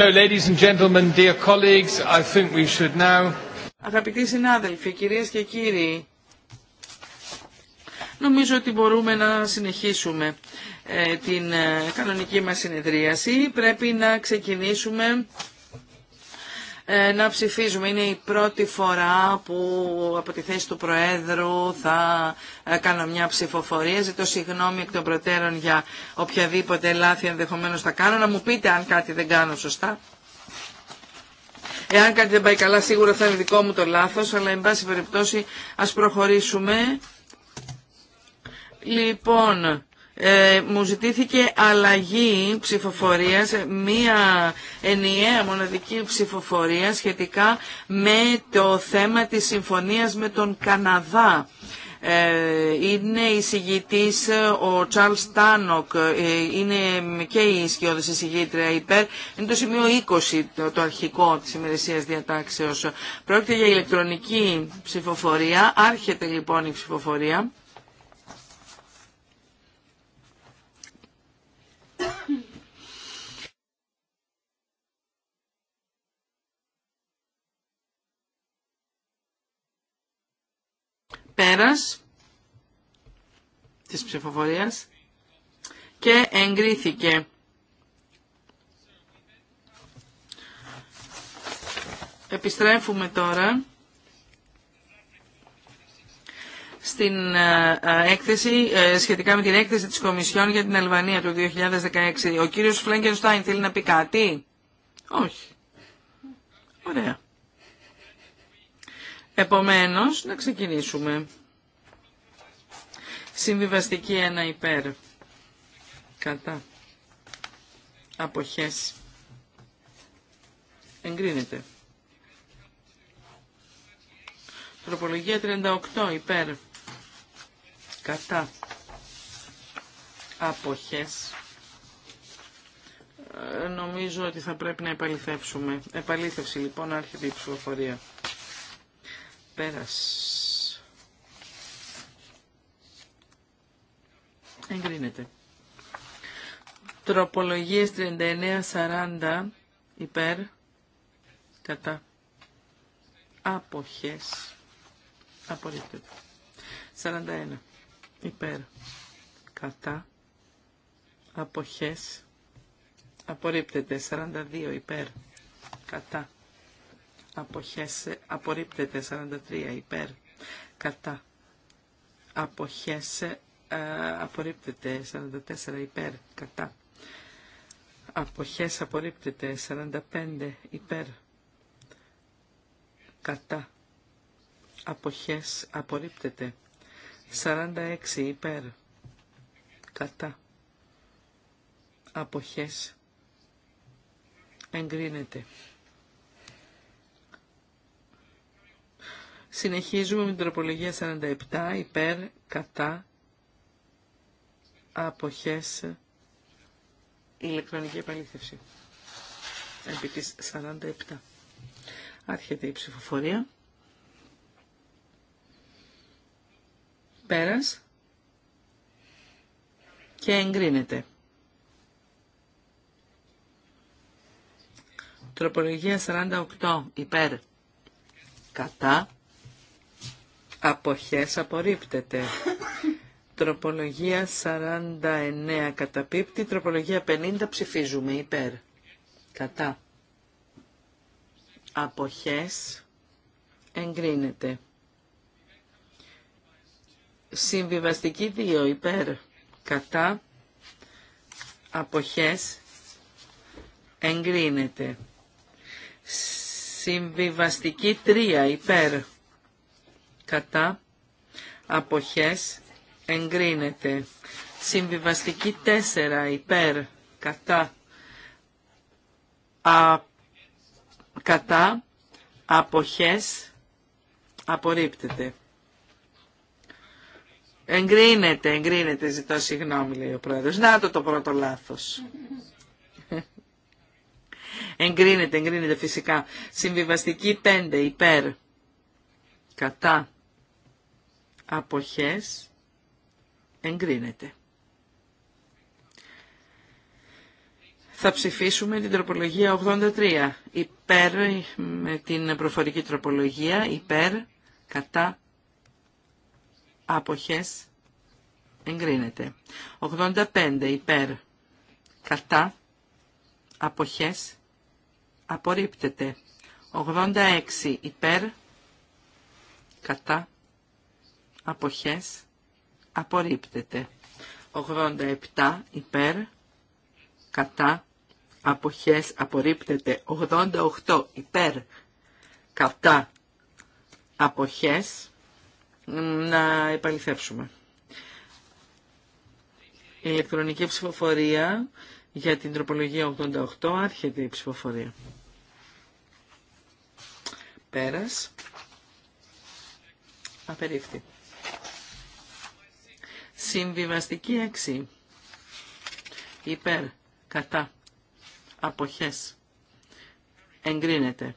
So, ladies and gentlemen, dear colleagues, I think we Αγαπητοί συνάδελφοι, κυρίες και κύριοι, νομίζω ότι μπορούμε να συνεχίσουμε ε, την ε, κανονική μας συνεδρίαση. Πρέπει να ξεκινήσουμε ε, να ψηφίζουμε. Είναι η πρώτη φορά που από τη θέση του Προέδρου θα ε, κάνω μια ψηφοφορία. Ζητώ συγγνώμη εκ των προτέρων για οποιαδήποτε λάθη ενδεχομένως θα κάνω. Να μου πείτε αν κάτι δεν κάνω σωστά. Εάν κάτι δεν πάει καλά σίγουρα θα είναι δικό μου το λάθος, αλλά εν πάση περιπτώσει ας προχωρήσουμε. Λοιπόν, ε, μου ζητήθηκε αλλαγή ψηφοφορίας, μία ενιαία μοναδική ψηφοφορία σχετικά με το θέμα της συμφωνίας με τον Καναδά. Ε, είναι η εισηγητής ο Τσάρλ Τάνοκ, ε, είναι και η ισχυώδης εισηγήτρια υπέρ. Είναι το σημείο 20 το αρχικό της ημερησίας διατάξεως. Πρόκειται για ηλεκτρονική ψηφοφορία, άρχεται λοιπόν η ψηφοφορία. Πέρας της ψηφοφορίας και εγκρίθηκε. Επιστρέφουμε τώρα στην ε, ε, έκθεση ε, σχετικά με την έκθεση της Κομισιόν για την Αλβανία του 2016. Ο κύριος Φλέγκενστάιν θέλει να πει κάτι. Όχι. Ωραία. Επομένως, να ξεκινήσουμε. Συμβιβαστική ένα υπέρ. Κατά. Αποχές. Εγκρίνεται. Τροπολογία 38 υπέρ κατά αποχές ε, νομίζω ότι θα πρέπει να επαληθεύσουμε. Επαλήθευση λοιπόν άρχεται η ψηφοφορία. Πέρας. Εγκρίνεται. Τροπολογίες 39-40 υπέρ κατά αποχές. Απορρίπτεται. 41 υπέρ κατά αποχές απορρίπτεται 42 υπέρ κατά αποχές απορρίπτεται 43 ε, υπέρ κατά αποχές απορρίπτεται 44 υπέρ κατά αποχές απορρίπτεται 45 υπέρ κατά αποχές απορρίπτεται 46 υπέρ. Κατά. Αποχές. Εγκρίνεται. Συνεχίζουμε με την τροπολογία 47 υπέρ. Κατά. Αποχές. Ηλεκτρονική επαλήθευση. Επί της 47. Άρχεται η ψηφοφορία. Πέρας. Και εγκρίνεται. Τροπολογία 48 υπέρ. Κατά. Αποχές απορρίπτεται. Τροπολογία 49 καταπίπτει. Τροπολογία 50 ψηφίζουμε υπέρ. Κατά. Αποχές εγκρίνεται. Συμβιβαστική 2 υπέρ κατά αποχές εγκρίνεται. Συμβιβαστική 3 υπέρ κατά αποχές εγκρίνεται. Συμβιβαστική 4 υπέρ κατά α, κατά αποχές απορρίπτεται. Εγκρίνεται, εγκρίνεται, ζητώ συγγνώμη, λέει ο πρόεδρος. Να το το πρώτο λάθος. Εγκρίνεται, εγκρίνεται φυσικά. Συμβιβαστική 5, υπέρ, κατά, αποχές, εγκρίνεται. Θα ψηφίσουμε την τροπολογία 83, υπέρ, με την προφορική τροπολογία, υπέρ, κατά, Άποχες. Εγκρίνεται. 85 υπέρ. Κατά. Αποχές. Απορρίπτεται. 86 υπέρ. Κατά. Αποχές. Απορρίπτεται. 87 υπέρ. Κατά. Αποχές. Απορρίπτεται. 88 υπέρ. Κατά. Αποχές να επαληθεύσουμε. Η ηλεκτρονική ψηφοφορία για την τροπολογία 88 άρχεται η ψηφοφορία. Πέρας. Απερίφθη. Συμβιβαστική 6. Υπέρ. Κατά. Αποχές. Εγκρίνεται.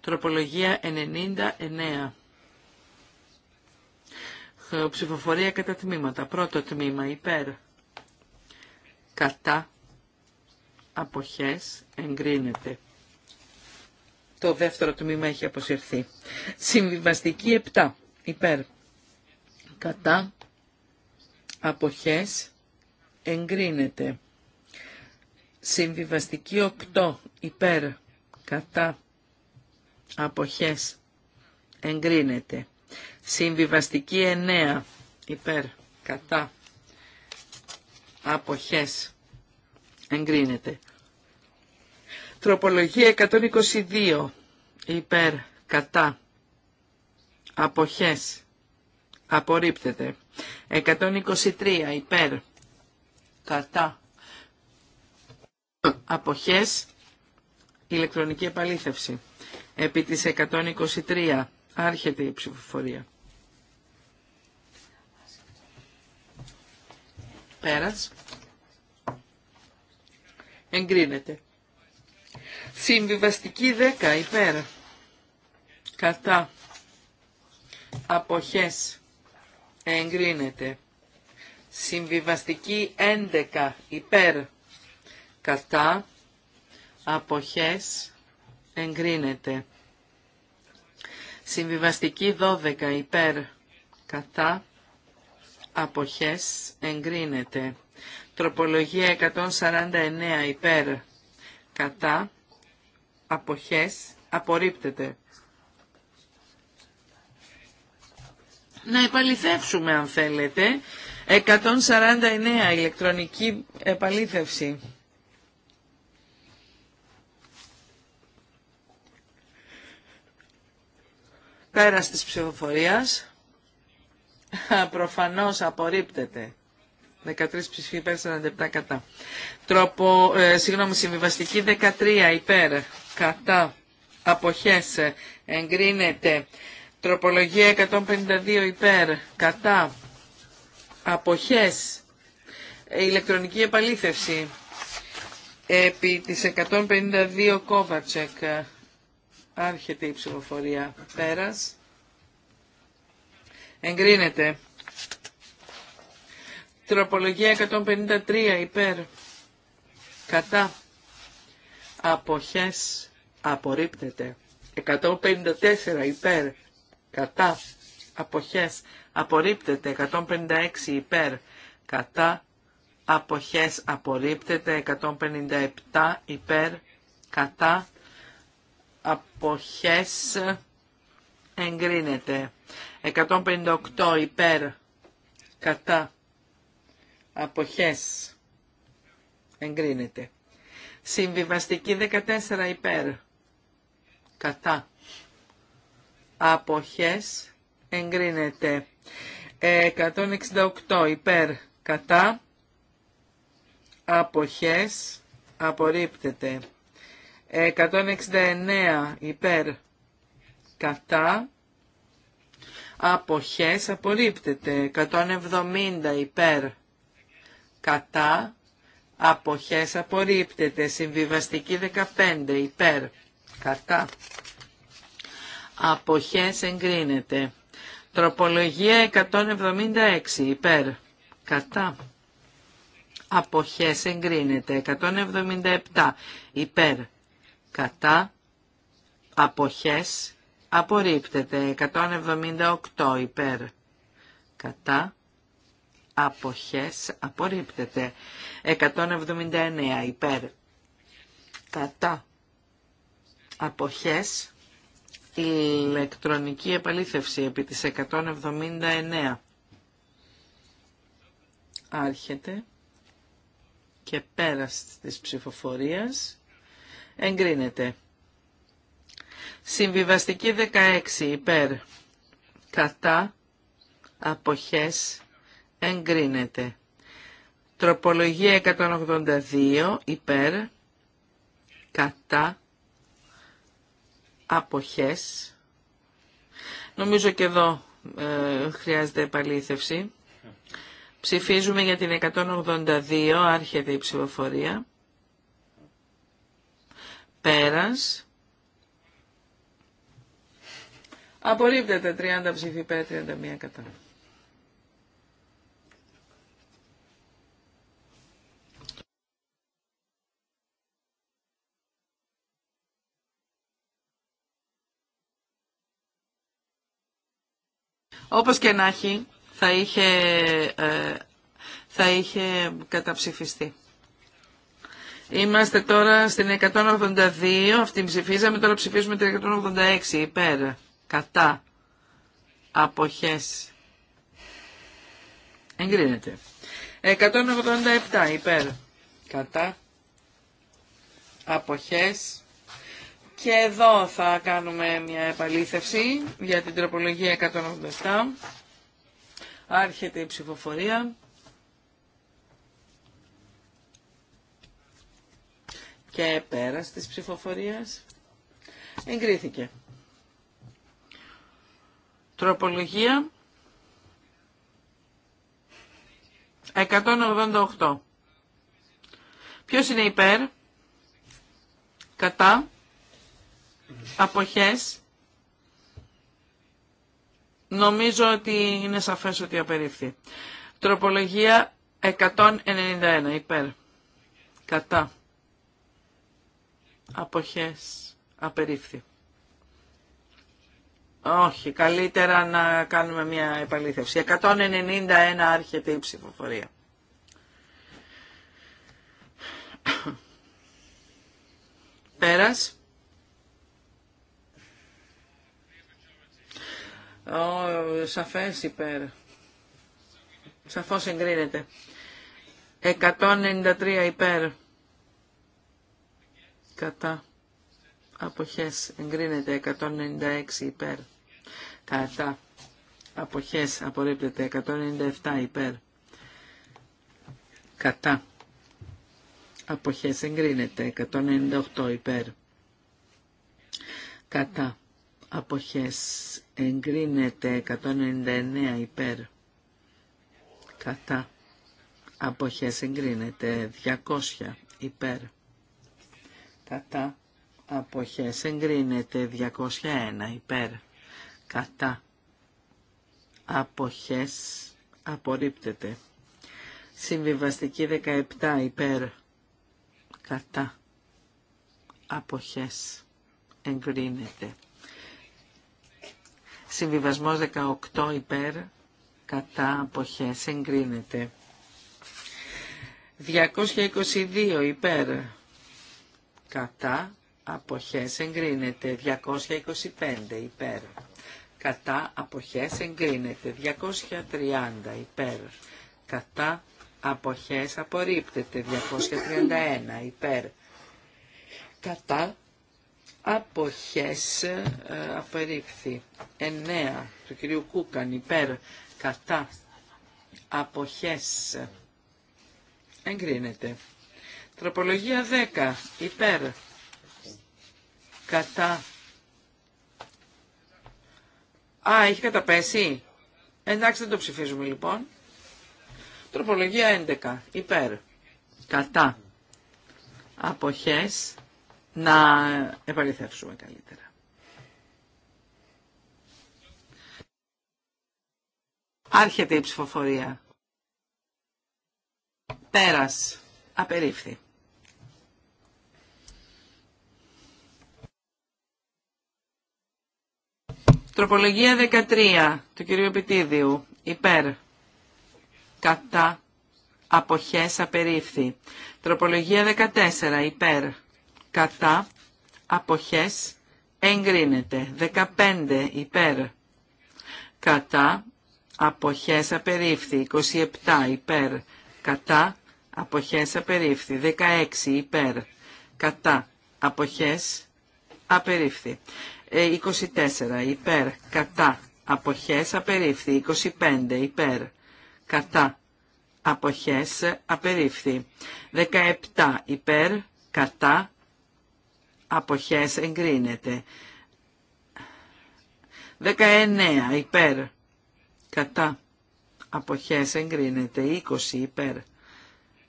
Τροπολογία 99. Ψηφοφορία κατά τμήματα. Πρώτο τμήμα υπέρ. Κατά. Αποχές. Εγκρίνεται. Το δεύτερο τμήμα έχει αποσυρθεί. Συμβιβαστική 7. Υπέρ. Κατά. Αποχές. Εγκρίνεται. Συμβιβαστική 8. Υπέρ. Κατά αποχές εγκρίνεται. Συμβιβαστική 9 υπέρ κατά αποχές εγκρίνεται. Τροπολογία 122 υπέρ κατά αποχές απορρίπτεται. 123 υπέρ κατά αποχές ηλεκτρονική επαλήθευση επί της 123. Άρχεται η ψηφοφορία. Πέρας. Εγκρίνεται. Συμβιβαστική 10 υπέρ. Κατά. Αποχές. Εγκρίνεται. Συμβιβαστική 11 υπέρ. Κατά. Αποχές εγκρίνεται. Συμβιβαστική 12 υπέρ κατά αποχές εγκρίνεται. Τροπολογία 149 υπέρ κατά αποχές απορρίπτεται. Να επαληθεύσουμε αν θέλετε. 149 ηλεκτρονική επαλήθευση. Πέρας της ψηφοφορίας. Προφανώς απορρίπτεται. 13 ψηφοί υπέρ, 47 κατά. Τρόπο, ε, συγγνώμη, συμβιβαστική 13 υπέρ, κατά, αποχές, εγκρίνεται. Τροπολογία 152 υπέρ, κατά, αποχές, ηλεκτρονική επαλήθευση. Επί της 152 Κόβατσεκ. Άρχεται η ψηφοφορία. Πέρας. Εγκρίνεται. Τροπολογία 153 υπέρ. Κατά. Αποχές. Απορρίπτεται. 154 υπέρ. Κατά. Αποχές. Απορρίπτεται. 156 υπέρ. Κατά. Αποχές. Απορρίπτεται. 157 υπέρ. Κατά αποχές εγκρίνεται. 158 υπέρ κατά αποχές εγκρίνεται. Συμβιβαστική 14 υπέρ κατά αποχές εγκρίνεται. 168 υπέρ κατά αποχές απορρίπτεται. 169 υπέρ κατά αποχές απορρίπτεται 170 υπέρ κατά αποχές απορρίπτεται συμβιβαστική 15 υπέρ κατά αποχές εγκρίνεται τροπολογία 176 υπέρ κατά αποχές εγκρίνεται 177 υπέρ κατά, αποχές, απορρίπτεται. 178 υπέρ, κατά, αποχές, απορρίπτεται. 179 υπέρ, κατά, αποχές, ηλεκτρονική επαλήθευση επί της 179. Άρχεται και πέρας της ψηφοφορίας εγκρίνεται. Συμβιβαστική 16 υπέρ κατά αποχές εγκρίνεται. Τροπολογία 182 υπέρ κατά αποχές. Νομίζω και εδώ ε, χρειάζεται επαλήθευση. Ψηφίζουμε για την 182, άρχεται η ψηφοφορία. Πέρας. Απορρίπτεται 30 ψήφι πέρα 31 κατά. Όπως και να έχει, θα είχε, ε, θα είχε καταψηφιστεί. Είμαστε τώρα στην 182, αυτή ψηφίζαμε, τώρα ψηφίζουμε την 186, υπέρ, κατά, αποχές. Εγκρίνεται. 187, υπέρ, κατά, αποχές. Και εδώ θα κάνουμε μια επαλήθευση για την τροπολογία 187. Άρχεται η ψηφοφορία. και πέρας της ψηφοφορίας εγκρίθηκε. Τροπολογία 188. Ποιος είναι υπέρ, κατά, αποχές, νομίζω ότι είναι σαφές ότι απερίφθη. Τροπολογία 191 υπέρ, κατά, Αποχές. Απερίφθη. Όχι, καλύτερα να κάνουμε μια επαλήθευση. 191 άρχεται η ψηφοφορία. Πέρας. Ο, σαφές υπέρ. Σαφώς εγκρίνεται. 193 υπέρ κατά αποχές εγκρίνεται 196 υπέρ κατά αποχές απορρίπτεται 197 υπέρ κατά αποχές εγκρίνεται 198 υπέρ κατά αποχές εγκρίνεται 199 υπέρ κατά αποχές εγκρίνεται 200 υπέρ κατά αποχές εγκρίνεται 201 υπέρ κατά αποχές απορρίπτεται συμβιβαστική 17 υπέρ κατά αποχές εγκρίνεται συμβιβασμός 18 υπέρ κατά αποχές εγκρίνεται 222 υπέρ κατά αποχές εγκρίνεται 225 υπέρ κατά αποχές εγκρίνεται 230 υπέρ κατά αποχές απορρίπτεται 231 υπέρ κατά αποχές ε, 9 του κυρίου Κούκαν υπέρ κατά αποχές εγκρίνεται Τροπολογία 10. Υπέρ. Κατά. Α, έχει καταπέσει. Εντάξει, δεν το ψηφίζουμε λοιπόν. Τροπολογία 11. Υπέρ. Κατά. Αποχές. Να επαληθεύσουμε καλύτερα. Άρχεται η ψηφοφορία. Πέρας. Απερίφθη. Τροπολογία 13 του κυρίου Πιτίδιου. Υπέρ. Κατά. Αποχές απερίφθη. Τροπολογία 14. Υπέρ. Κατά. Αποχές εγκρίνεται. 15. Υπέρ. Κατά. Αποχές απερίφθη. 27. Υπέρ. Κατά. Αποχές απερίφθη. 16. Υπέρ. Κατά. Αποχές απερίφθη. 24 ε, υπέρ κατά αποχές απερίφθη. 25 υπέρ κατά αποχές απερίφθη. 17 υπέρ κατά αποχές εγκρίνεται. 19 υπέρ κατά αποχές εγκρίνεται. 20 υπέρ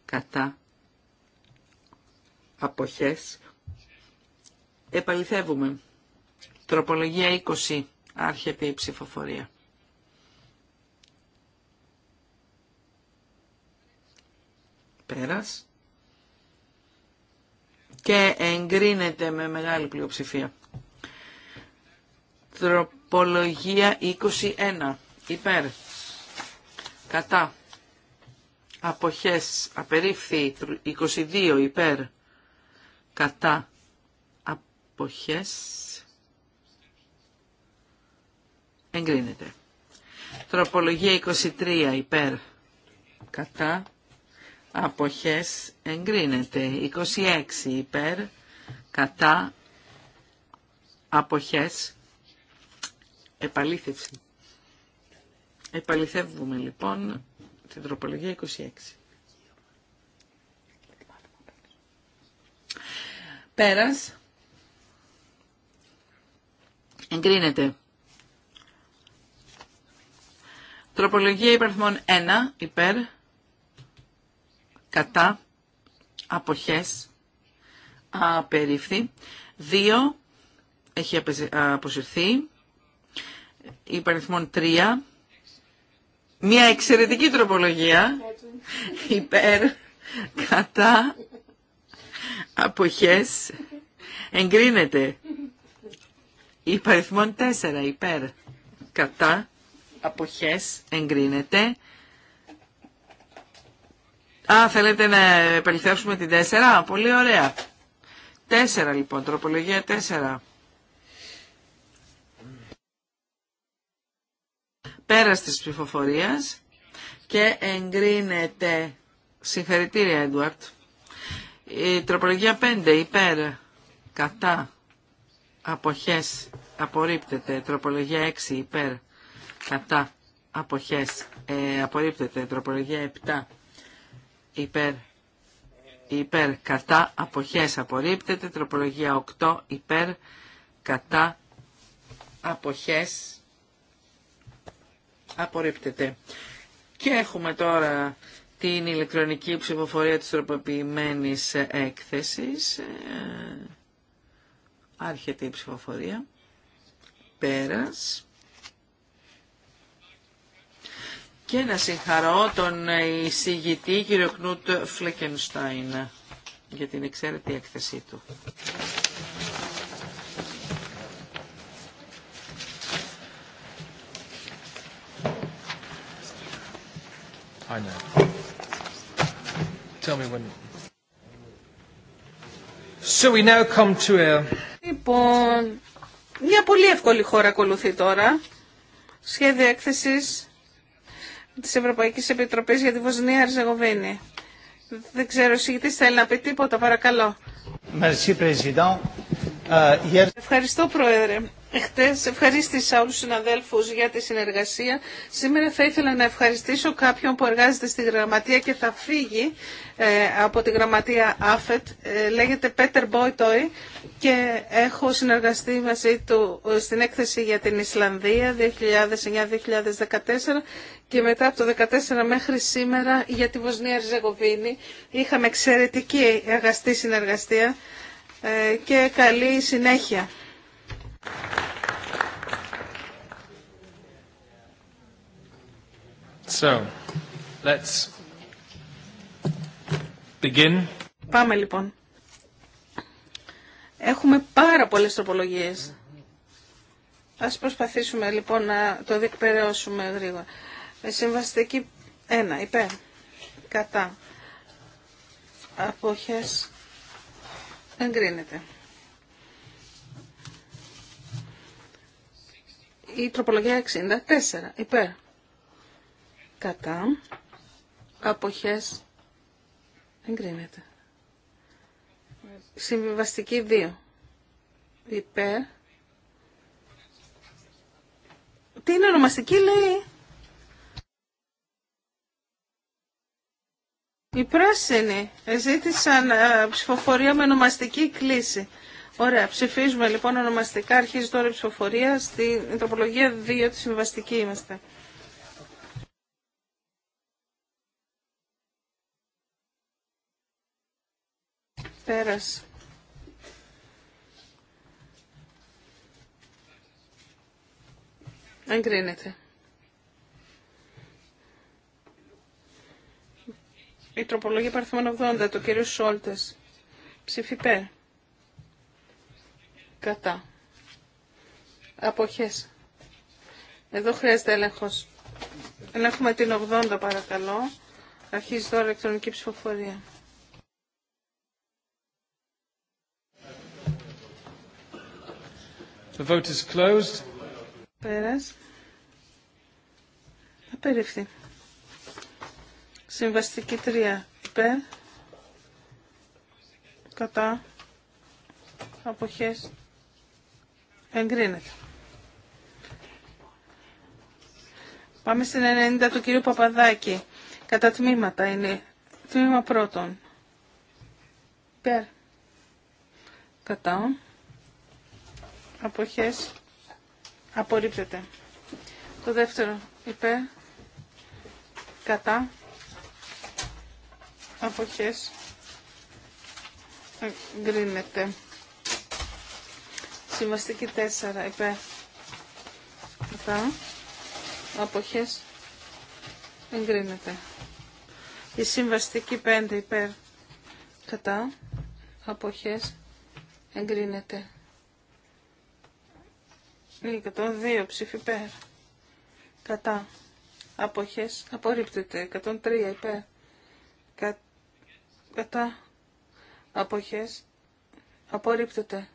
κατά αποχές επαληθεύουμε. Τροπολογία 20. Άρχεται η ψηφοφορία. Πέρας. Και εγκρίνεται με μεγάλη πλειοψηφία. Τροπολογία 21. Υπέρ. Κατά. Αποχές. Απερίφθη. 22. Υπέρ. Κατά. Αποχές Εγκρίνεται. Τροπολογία 23 υπέρ κατά αποχές εγκρίνεται. 26 υπέρ κατά αποχές επαλήθευση. Επαληθεύουμε λοιπόν την τροπολογία 26. Πέρας εγκρίνεται. Τροπολογία υπαριθμών 1 υπέρ κατά αποχές απερίφθη. 2 έχει αποσυρθεί. Υπαριθμών 3 μια εξαιρετική τροπολογία υπέρ κατά αποχές εγκρίνεται υπαριθμών 4 υπέρ κατά αποχές εγκρίνεται. Α, θέλετε να περιθέσουμε την 4. Πολύ ωραία. 4 λοιπόν, τροπολογία 4. Πέρας της ψηφοφορίας και εγκρίνεται συγχαρητήρια Έντουαρτ. Η τροπολογία 5 υπέρ κατά αποχές απορρίπτεται. Τροπολογία 6 υπέρ κατά αποχές ε, απορρίπτεται τροπολογία 7 υπέρ υπέρ κατά αποχές απορρίπτεται τροπολογία 8 υπέρ κατά αποχές απορρίπτεται και έχουμε τώρα την ηλεκτρονική ψηφοφορία της τροποποιημένης έκθεσης ε, άρχεται η ψηφοφορία πέρας και να συγχαρώ τον εισηγητή κύριο Κνούτ Φλεκενστάιν για την εξαίρετη έκθεσή του. to a... Λοιπόν, μια πολύ εύκολη χώρα ακολουθεί τώρα. Σχέδιο έκθεσης της Ευρωπαϊκής Επιτροπής για τη Βοσνία Αρζεγοβίνη. Δεν ξέρω, εσύ θέλει να πει τίποτα, παρακαλώ. Euh, Ευχαριστώ, Πρόεδρε. Χτες ευχαρίστησα όλους τους συναδέλφους για τη συνεργασία. Σήμερα θα ήθελα να ευχαριστήσω κάποιον που εργάζεται στη γραμματεία και θα φύγει ε, από τη γραμματεία ΑΦΕΤ. Ε, λέγεται Πέτερ Μπόιτοϊ και έχω συνεργαστεί μαζί του ε, στην έκθεση για την Ισλανδία 2009-2014 και μετά από το 2014 μέχρι σήμερα για τη Βοσνία Ριζεγοβίνη. Είχαμε εξαιρετική αγαστή συνεργασία και καλή συνέχεια let's Πάμε λοιπόν. Έχουμε πάρα πολλές τροπολογίες. Ας προσπαθήσουμε λοιπόν να το διεκπαιρεώσουμε γρήγορα. Με συμβαστική ένα, υπέρ, κατά, αποχές, εγκρίνεται. η τροπολογία 64 υπέρ κατά αποχές εγκρίνεται. Συμβιβαστική 2 υπέρ τι είναι ονομαστική λέει Οι πράσινοι ζήτησαν ε, ψηφοφορία με ονομαστική κλίση. Ωραία, ψηφίζουμε λοιπόν ονομαστικά. Αρχίζει τώρα η ψηφοφορία. Στην τροπολογία 2 τη συμβαστική είμαστε. Πέρασε. Εγκρίνεται. Η τροπολογία παρθμών 80, το κύριο Σόλτες. Ψηφιπέ. Κατά. Αποχές. Εδώ χρειάζεται έλεγχος. Ελέγχουμε την 80 παρακαλώ. Αρχίζει τώρα ηλεκτρονική ψηφοφορία. The vote is closed. Πέρας. Απερίφθη. Συμβαστική 3. Υπέρ. Κατά. Αποχές. Εγκρίνεται. Πάμε στην 90 του κυρίου Παπαδάκη. Κατά τμήματα είναι. Τμήμα πρώτον. Περ. Κατά. Αποχές. Απορρίπτεται. Το δεύτερο. Υπέρ. Κατά. Αποχές. Εγκρίνεται. Συμβαστική 4 υπέρ. Κατά. Αποχές. Εγκρίνεται. Η συμβαστική 5 υπέρ. Κατά. Αποχές. Εγκρίνεται. Η 102 ψήφι υπέρ. Κατά. Αποχές. Απορρίπτεται. 103 υπέρ. Κατά. Αποχές. Απορρίπτεται.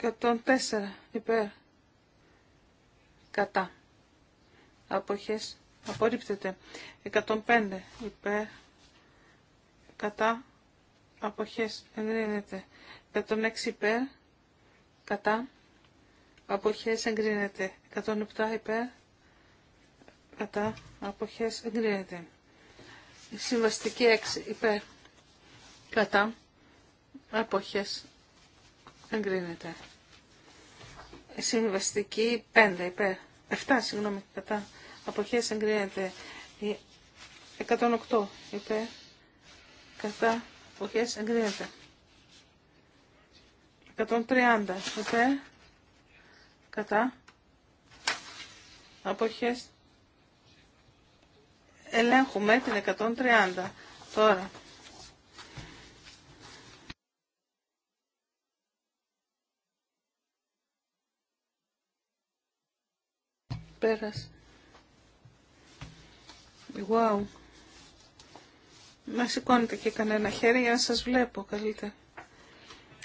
104 υπέρ κατά αποχές απορρίπτεται 105 υπέρ κατά αποχές εγκρίνεται 106 υπέρ κατά αποχές εγκρίνεται 107 υπέρ κατά αποχές εγκρίνεται συμβαστική 6 υπέρ κατά αποχές Εγκρίνεται. Ε, συμβαστική 5 υπέρ. 7 συγγνώμη κατά. αποχέ εγκρίνεται. 108 υπέρ. Κατά. αποχέ εγκρίνεται. 130 υπέρ. Κατά. αποχέ. Ελέγχουμε την 130 τώρα. Πέρας. Wow. Να σηκώνετε και κανένα χέρι για να σας βλέπω καλύτερα.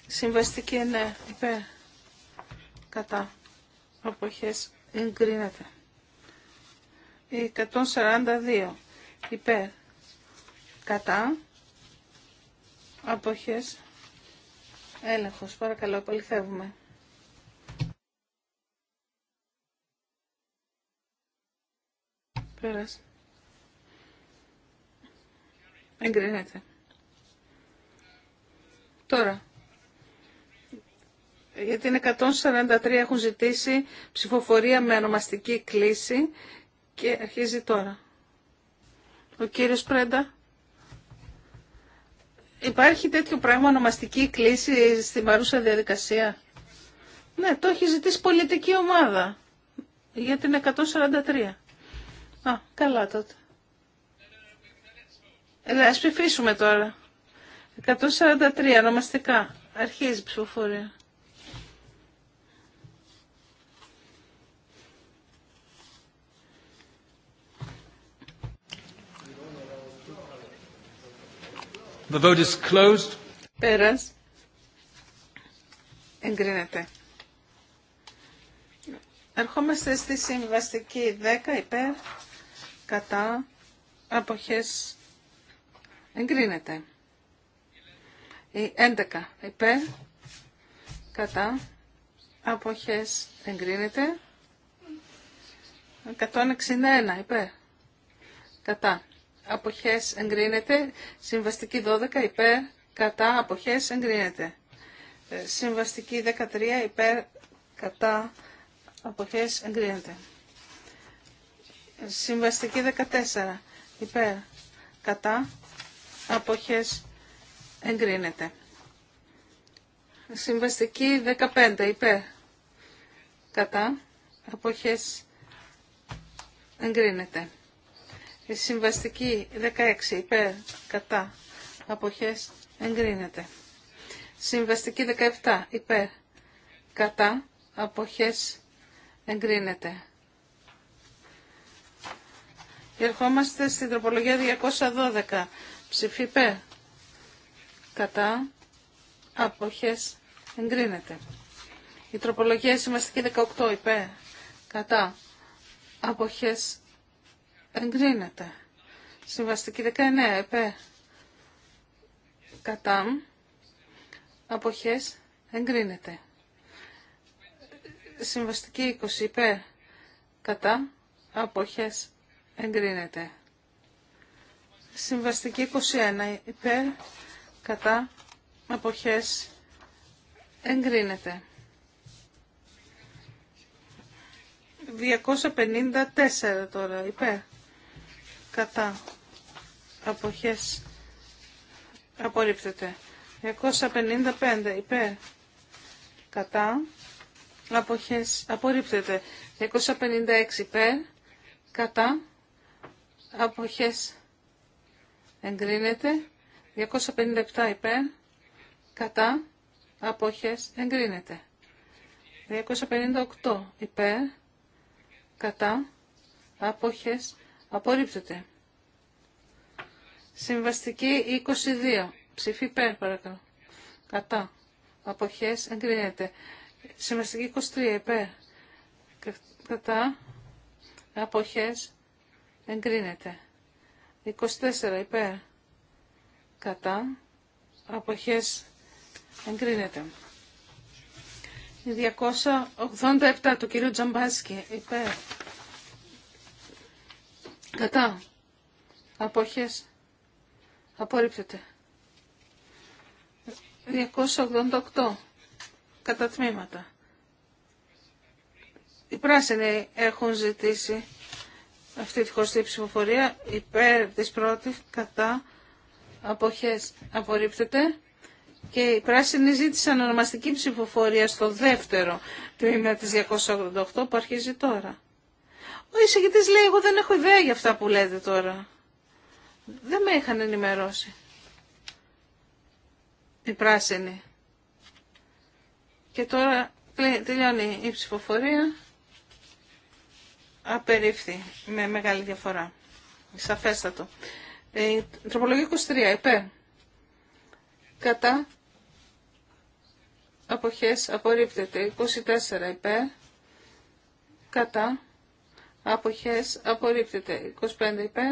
Συμβαστική ναι, υπέρ. Κατά. Αποχές εγκρίνεται. 142. Υπέρ. Κατά. Αποχές. Έλεγχος. Παρακαλώ, απολυθεύουμε Εγκρίνεται. Τώρα. Γιατί την 143 έχουν ζητήσει ψηφοφορία με ονομαστική κλίση και αρχίζει τώρα. Ο κύριος Πρέντα. Υπάρχει τέτοιο πράγμα ονομαστική κλίση στη παρούσα διαδικασία. Ναι, το έχει ζητήσει πολιτική ομάδα για την 143. Α, καλά τότε. Ε, ας ψηφίσουμε τώρα. 143 ονομαστικά. Αρχίζει η ψηφοφορία. The vote is closed. Πέρας. Εγκρίνεται. Ερχόμαστε στη συμβαστική 10 υπέρ κατά, αποχές, εγκρίνεται. Η 11 υπέρ, κατά, αποχές, εγκρίνεται. 161 υπέρ, κατά, αποχές, εγκρίνεται. Συμβαστική 12 υπέρ, κατά, αποχές, εγκρίνεται. Ε, συμβαστική 13 υπέρ, κατά, αποχές, εγκρίνεται. Συμβαστική 14. Υπέρ. Κατά. Αποχές. Εγκρίνεται. Συμβαστική 15. Υπέρ. Κατά. Αποχές. Εγκρίνεται. συμβαστική 16. Υπέρ. Κατά. Αποχές. Εγκρίνεται. Συμβαστική 17. Υπέρ. Κατά. Αποχές. Εγκρίνεται. Και ερχόμαστε στην τροπολογία 212. Ψηφί Κατά. Αποχές. Εγκρίνεται. Η τροπολογία σημαστική 18 Υπέ. Κατά. Αποχές. Εγκρίνεται. Συμβαστική 19 επε. Κατά. Αποχές. Εγκρίνεται. Συμβαστική 20 υπέρ. Κατά. Αποχές εγκρίνεται. Συμβαστική 21 υπέρ κατά αποχές εγκρίνεται. 254 τώρα υπέρ κατά αποχές απορρίπτεται. 255 υπέρ κατά αποχές απορρίπτεται. 256 υπέρ κατά αποχές εγκρίνεται. 257 υπέρ κατά αποχές εγκρίνεται. 258 υπέρ κατά αποχές απορρίπτεται. Συμβαστική 22. Ψηφί υπέρ παρακαλώ. Κατά. Αποχές εγκρίνεται. Συμβαστική 23 υπέρ. Κατά. Αποχές εγκρίνεται. 24 υπέρ κατά αποχές εγκρίνεται. 287 του κυρίου Τζαμπάσκη υπέρ κατά αποχές απορρίπτεται. 288 κατά τμήματα. Οι πράσινοι έχουν ζητήσει αυτή τη χωριστή ψηφοφορία υπέρ της πρώτης κατά αποχές απορρίπτεται και οι πράσινοι ζήτησαν ονομαστική ψηφοφορία στο δεύτερο τμήμα της 288 που αρχίζει τώρα. Ο εισηγητής λέει εγώ δεν έχω ιδέα για αυτά που λέτε τώρα. Δεν με είχαν ενημερώσει. Οι πράσινοι. Και τώρα τελειώνει η ψηφοφορία. Απερίφθη με μεγάλη διαφορά. Σαφέστατο. Ε, τροπολογία 23. Υπέρ. Κατά. Αποχές. Απορρίπτεται. 24. Υπέρ. Κατά. Αποχές. Απορρίπτεται. 25. Υπέρ.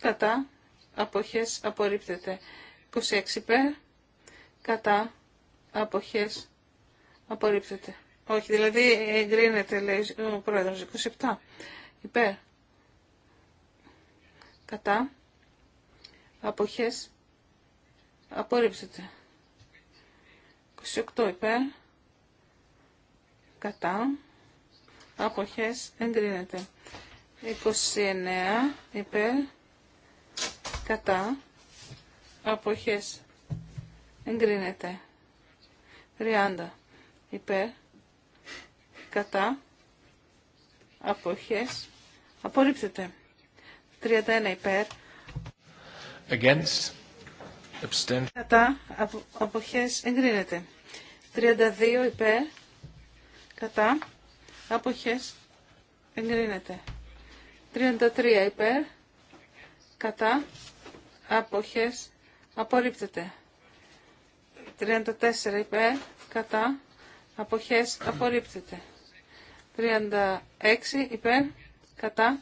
Κατά. Αποχές. Απορρίπτεται. 26. Υπέρ. Κατά. Αποχές. Απορρίπτεται. Όχι, δηλαδή εγκρίνεται, λέει ο πρόεδρος, 27. Υπέρ. Κατά. Αποχές. Απορρίψετε. 28 υπέρ. Κατά. Αποχές. Εγκρίνεται. 29 υπέρ. Κατά. Αποχές. Εγκρίνεται. 30 υπέρ κατά, αποχές, απορρίπτεται. 31 υπέρ, κατά, αποχές, εγκρίνεται. 32 υπέρ, κατά, αποχές, εγκρίνεται. 33 υπέρ, κατά, αποχές, απορρίπτεται. 34 υπέρ, κατά, αποχές, απορρίπτεται. 36 υπέρ κατά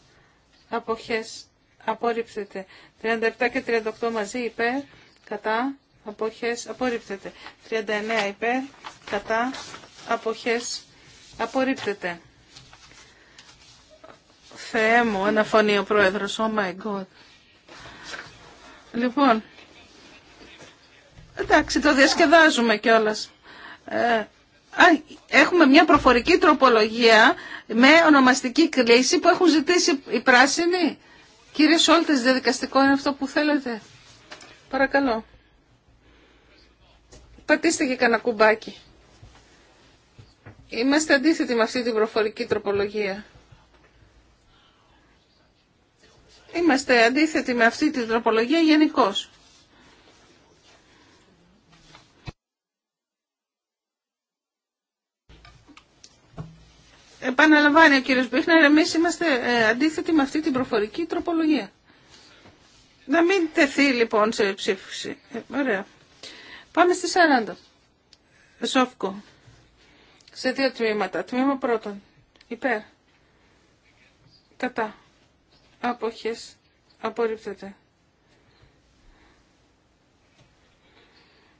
αποχές απορρίπτεται. 37 και 38 μαζί υπέρ κατά αποχές απορρίπτεται. 39 υπέρ κατά αποχές απορρίπτεται. Θεέ μου, αναφωνεί ο πρόεδρος, oh my god. Λοιπόν, εντάξει, το διασκεδάζουμε κιόλας. Ε, έχουμε μια προφορική τροπολογία με ονομαστική κλίση που έχουν ζητήσει οι πράσινοι. Κύριε Σόλτες, διαδικαστικό είναι αυτό που θέλετε. Παρακαλώ. Πατήστε και κανένα κουμπάκι. Είμαστε αντίθετοι με αυτή την προφορική τροπολογία. Είμαστε αντίθετοι με αυτή την τροπολογία γενικώ. Επαναλαμβάνει ο κύριος Μπίχνερ, εμεί είμαστε ε, αντίθετοι με αυτή την προφορική τροπολογία. Να μην τεθεί λοιπόν σε ψήφιση. Ε, ωραία. Πάμε στη 40. Σόφκο. Σε δύο τμήματα. Τμήμα πρώτον. Υπέρ. Κατά. Αποχές. Απορρίπτεται.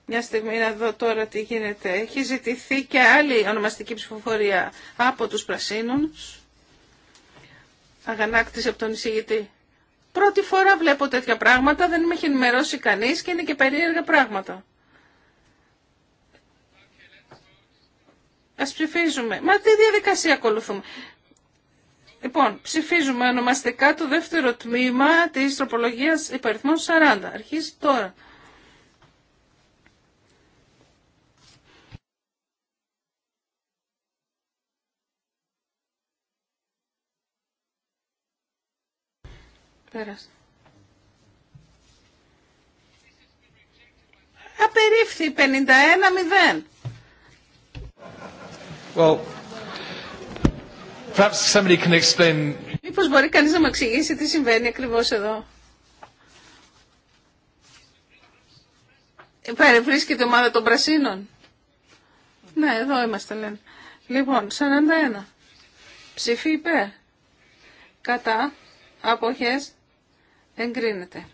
Μια στιγμή να δω τώρα τι γίνεται. Έχει ζητηθεί και άλλη ονομαστική ψηφοφορία από τους πρασίνους. Αγανάκτησε από τον εισηγητή. Πρώτη φορά βλέπω τέτοια πράγματα, δεν με έχει ενημερώσει κανείς και είναι και περίεργα πράγματα. Ας ψηφίζουμε. Μα τι διαδικασία ακολουθούμε. Λοιπόν, ψηφίζουμε ονομαστικά το δεύτερο τμήμα της τροπολογίας υπαριθμών 40. Αρχίζει τώρα. Πέρας. Απερίφθη 51-0. Well, perhaps somebody can explain... Μήπως μπορεί κανείς να μου εξηγήσει τι συμβαίνει ακριβώς εδώ. Παρευρίσκεται η ομάδα των Πρασίνων. Ναι, εδώ είμαστε λένε. Λοιπόν, 41. Ψηφί υπέρ. Κατά. Αποχές. Εγκρίνεται.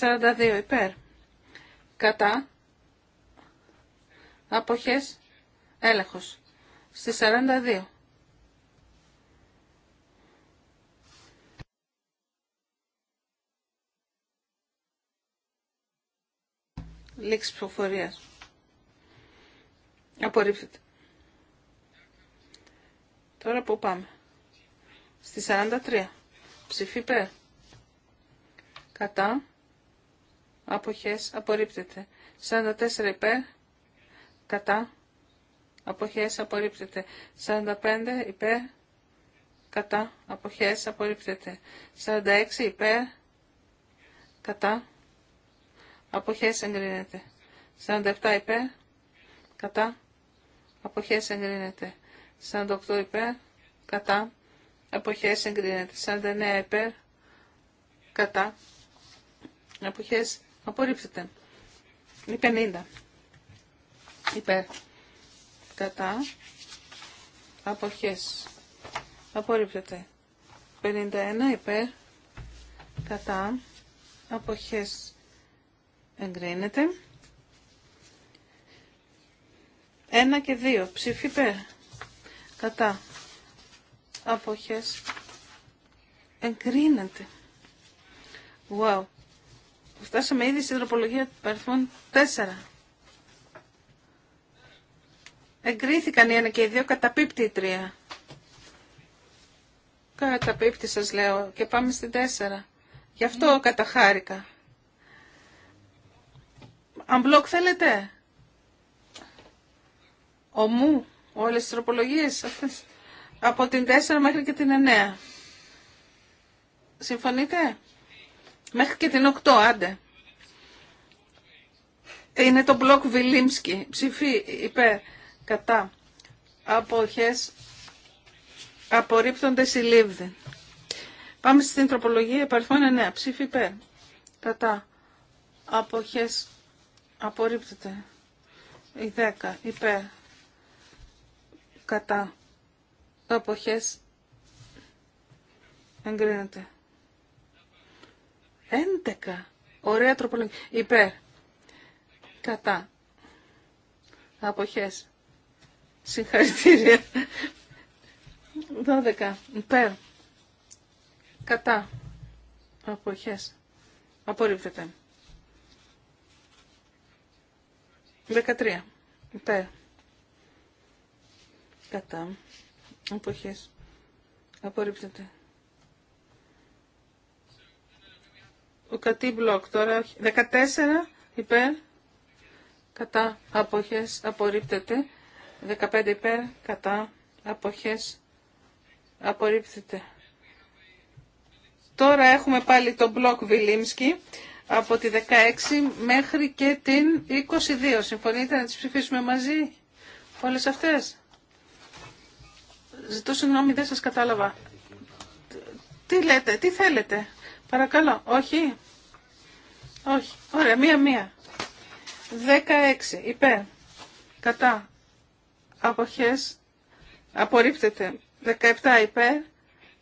42 υπέρ. Κατά. Αποχές. Έλεγχος. Στη 42. Λήξη ψηφοφορίας. Απορρίφθηκε. Τώρα που πάμε. Στη 43. Ψηφί πέρα κατά, αποχές, απορρίπτεται. 44 υπέρ, κατά, αποχές, απορρίπτεται. 45 υπέρ, κατά, αποχές, απορρίπτεται. 46 υπέρ, κατά, αποχές, εγκρίνεται. 47 υπέρ, κατά, αποχές, εγκρίνεται. 48 υπέρ, κατά, αποχές, εγκρίνεται. 49 υπέρ, κατά, Αποχές. Απορρίπτεται. Η 50. Υπέρ. Κατά. Αποχές. Απορρίπτεται. 51 υπέρ. Κατά. Αποχές. Εγκρίνεται. 1 και 2. Ψήφι υπέρ. Κατά. Αποχές. Εγκρίνεται. Wow. Φτάσαμε ήδη στην τροπολογία παρελθόν 4. Εγκρίθηκαν οι ένα και οι δύο, καταπίπτει η τρία. Καταπίπτει σας λέω και πάμε στην 4. Γι' αυτό ναι. καταχάρηκα. μπλοκ θέλετε. Ομού, όλες τις τροπολογίες αυτές. Από την 4 μέχρι και την 9. Συμφωνείτε. Μέχρι και την 8, άντε. Είναι το μπλοκ Βιλίμσκι. Ψηφί υπέρ κατά αποχές απορρίπτονται συλλήβδη. Πάμε στην τροπολογία υπαριθμών 9. Ψήφι υπέρ κατά αποχές απορρίπτονται. Η 10 υπέρ κατά αποχές εγκρίνεται. 11. Ωραία τροπολογία. Υπέρ. Κατά. Αποχές. Συγχαρητήρια. 12. Υπέρ. Κατά. Αποχές. Απορρίπτεται. 13. Υπέρ. Κατά. Αποχές. Απορρίπτεται. Ο κατή μπλοκ τώρα, 14 υπέρ, κατά αποχές απορρίπτεται, 15 υπέρ, κατά αποχές απορρίπτεται. Τώρα έχουμε πάλι το μπλοκ Βιλίμσκι από τη 16 μέχρι και την 22. Συμφωνείτε να τις ψηφίσουμε μαζί όλες αυτές. Ζητώ συγγνώμη, δεν σας κατάλαβα. Τι λέτε, τι θέλετε. Παρακαλώ, όχι. Όχι. Ωραία, μία-μία. 16 υπέρ. Κατά. Αποχές. Απορρίπτεται. 17 υπέρ.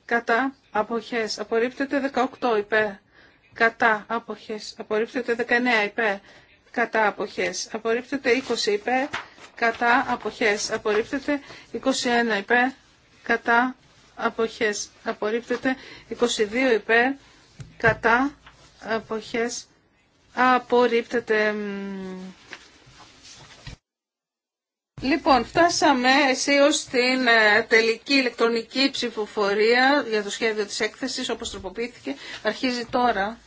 Κατά. Αποχές. Απορρίπτεται. 18 υπέρ. Κατά. Αποχές. Απορρίπτεται. 19 υπέρ. Κατά. Αποχές. Απορρίπτεται. 20 υπέρ. Κατά. Αποχές. Απορρίπτεται. 21 υπέρ. Κατά. Αποχές. Απορρίπτεται. 22 υπέρ κατά εποχές απορρίπτεται. Λοιπόν, φτάσαμε αισίω στην ε, τελική ηλεκτρονική ψηφοφορία για το σχέδιο της έκθεσης, όπως τροποποιήθηκε. Αρχίζει τώρα.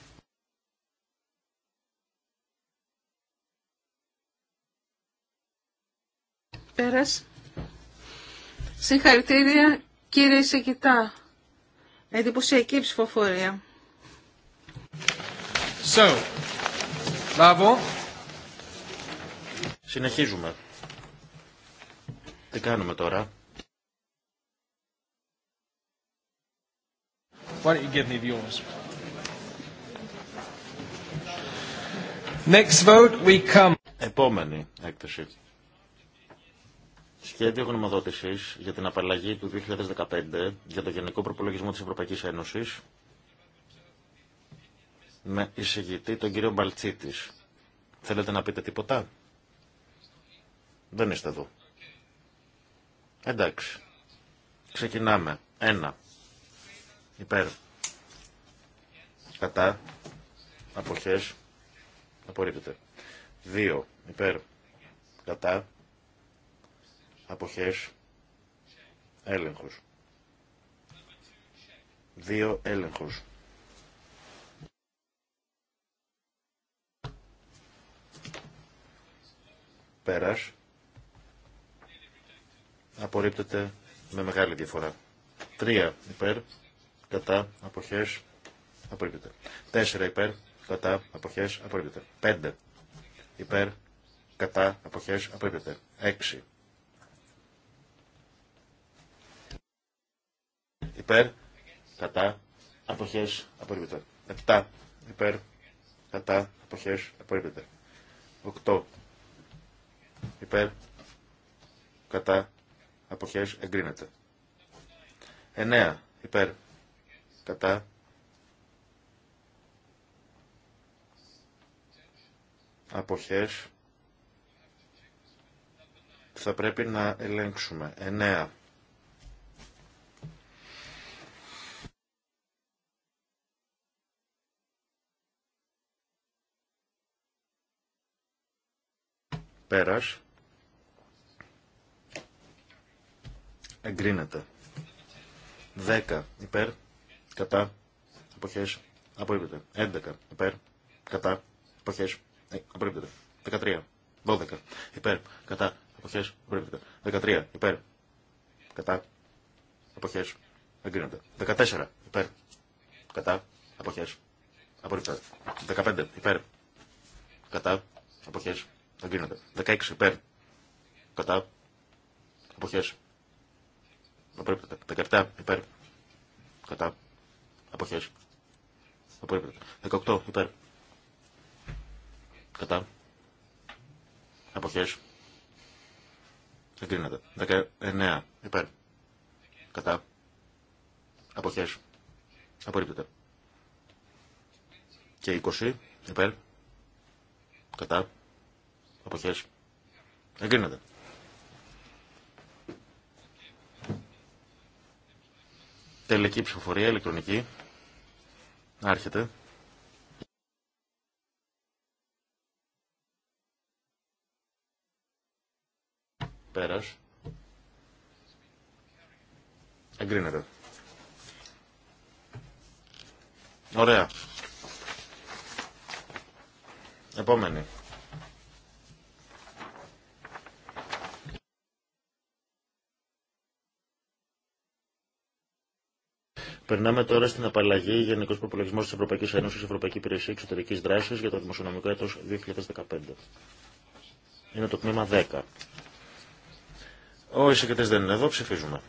Πέρας. Συγχαρητήρια, κύριε Σεκητά. Εντυπωσιακή ψηφοφορία. So, bravo. Συνεχίζουμε. Τι κάνουμε τώρα. Why don't you give me yours? Next vote, we come. Επόμενη έκθεση. Σχέδιο γνωμοδότησης για την απαλλαγή του 2015 για το Γενικό Προπολογισμό της Ευρωπαϊκής Ένωσης με εισηγητή τον κύριο Μπαλτσίτη. Θέλετε να πείτε τίποτα? Δεν είστε εδώ. Εντάξει. Ξεκινάμε. Ένα. Υπέρ. Κατά. Αποχές. Απορρίπτεται. Δύο. Υπέρ. Κατά. Αποχές. Έλεγχος. Δύο έλεγχος. Πέρας. Απορρίπτεται με μεγάλη διαφορά. 3 υπέρ. Κατά. Αποχές. Απορρίπτεται. 4 υπέρ. Κατά. Αποχές. Απορρίπτεται. 5 υπέρ. Κατά. Αποχές. Απορρίπτεται. 6 υπέρ, κατά, απόχέ, απορρίπτεται. 7, υπέρ, κατά, αποχές, απορρίπτεται. 8, Υπέρ. Κατά. Αποχές. Εγκρίνεται. 9. Υπέρ. Κατά. Αποχές. Θα πρέπει να ελέγξουμε. 9. πέρας εγκρίνεται. 10 υπέρ, κατά, Εποχέ. απορρίπτεται. 11 υπέρ, κατά, Εποχέ. Ε, απορρίπτεται. 13, 12 υπέρ, κατά, Εποχέ. απορρίπτεται. 13 υπέρ, κατά, Εποχέ. εγκρίνεται. 14 υπέρ, κατά, Εποχέ. απορρίπτεται. 15 υπέρ, κατά, Εποχέ. εγκρίνεται. 16 υπέρ, κατά, Εποχέ. Απορρίπτεται. 17 υπέρ. Κατά. Αποχές. Απορρίπτεται. 18 υπέρ. Κατά. Αποχέ. Εγκρίνεται. 19 υπέρ. Κατά. Αποχέ. Απορρίπτεται. Και 20 υπέρ. Κατά. Αποχέ. Εγκρίνεται. Τελική ψηφοφορία, ηλεκτρονική. Άρχεται. Πέρας. Εγκρίνεται. Ωραία. Επόμενη. Περνάμε τώρα στην απαλλαγή Γενικό Προπολογισμό τη Ευρωπαϊκή Ένωση, Ευρωπαϊκή Υπηρεσία Εξωτερική Δράση για το δημοσιονομικό έτο 2015. Είναι το τμήμα 10. Ο εισηγητή δεν είναι εδώ, ψηφίζουμε.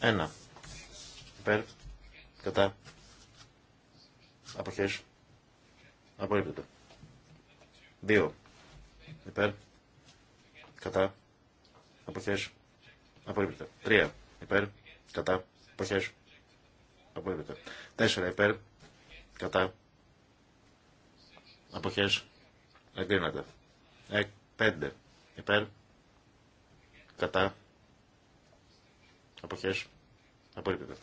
1. Υπέρ. Κατά. Αποχέ. Απορρίπτεται. 2. Υπέρ. Κατά. Αποχέ. Απορρίπτεται. 3. Υπέρ. Κατά. Αποχές. Απορρίπτεται. 4 υπέρ. Κατά. αποχέ Εγκρίνεται. 5 ε, υπέρ. Κατά. Αποχές. Απορρίπτεται.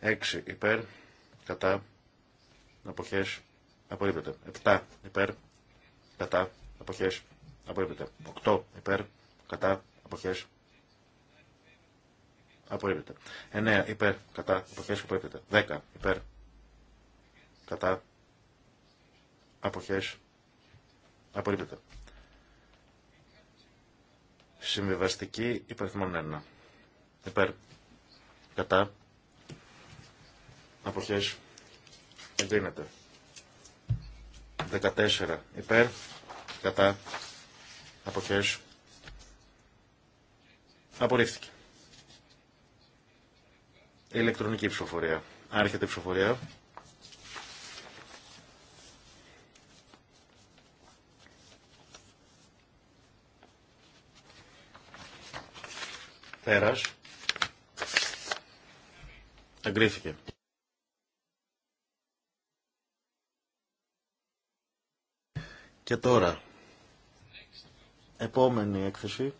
6 υπέρ. Κατά. Αποχές. Απορρίπτεται. 7 υπέρ. Κατά. Αποχές. Απορρίπτεται. 8 υπέρ. Κατά. Αποχές. Απορρίπτεται. 9 υπέρ. Κατά. Αποχές. Απορρίπτεται. 10 υπέρ. Κατά. Αποχές. Απορρίπτεται. Συμβιβαστική υπαριθμών 1. Υπέρ. Κατά. Αποχές. Εγκρίνεται. 14. Υπέρ. Κατά. Αποχές. Απορρίφθηκε ηλεκτρονική ψηφοφορία. Άρχεται η ψηφοφορία. Πέρας. Εγκρίθηκε. Και τώρα, επόμενη έκθεση.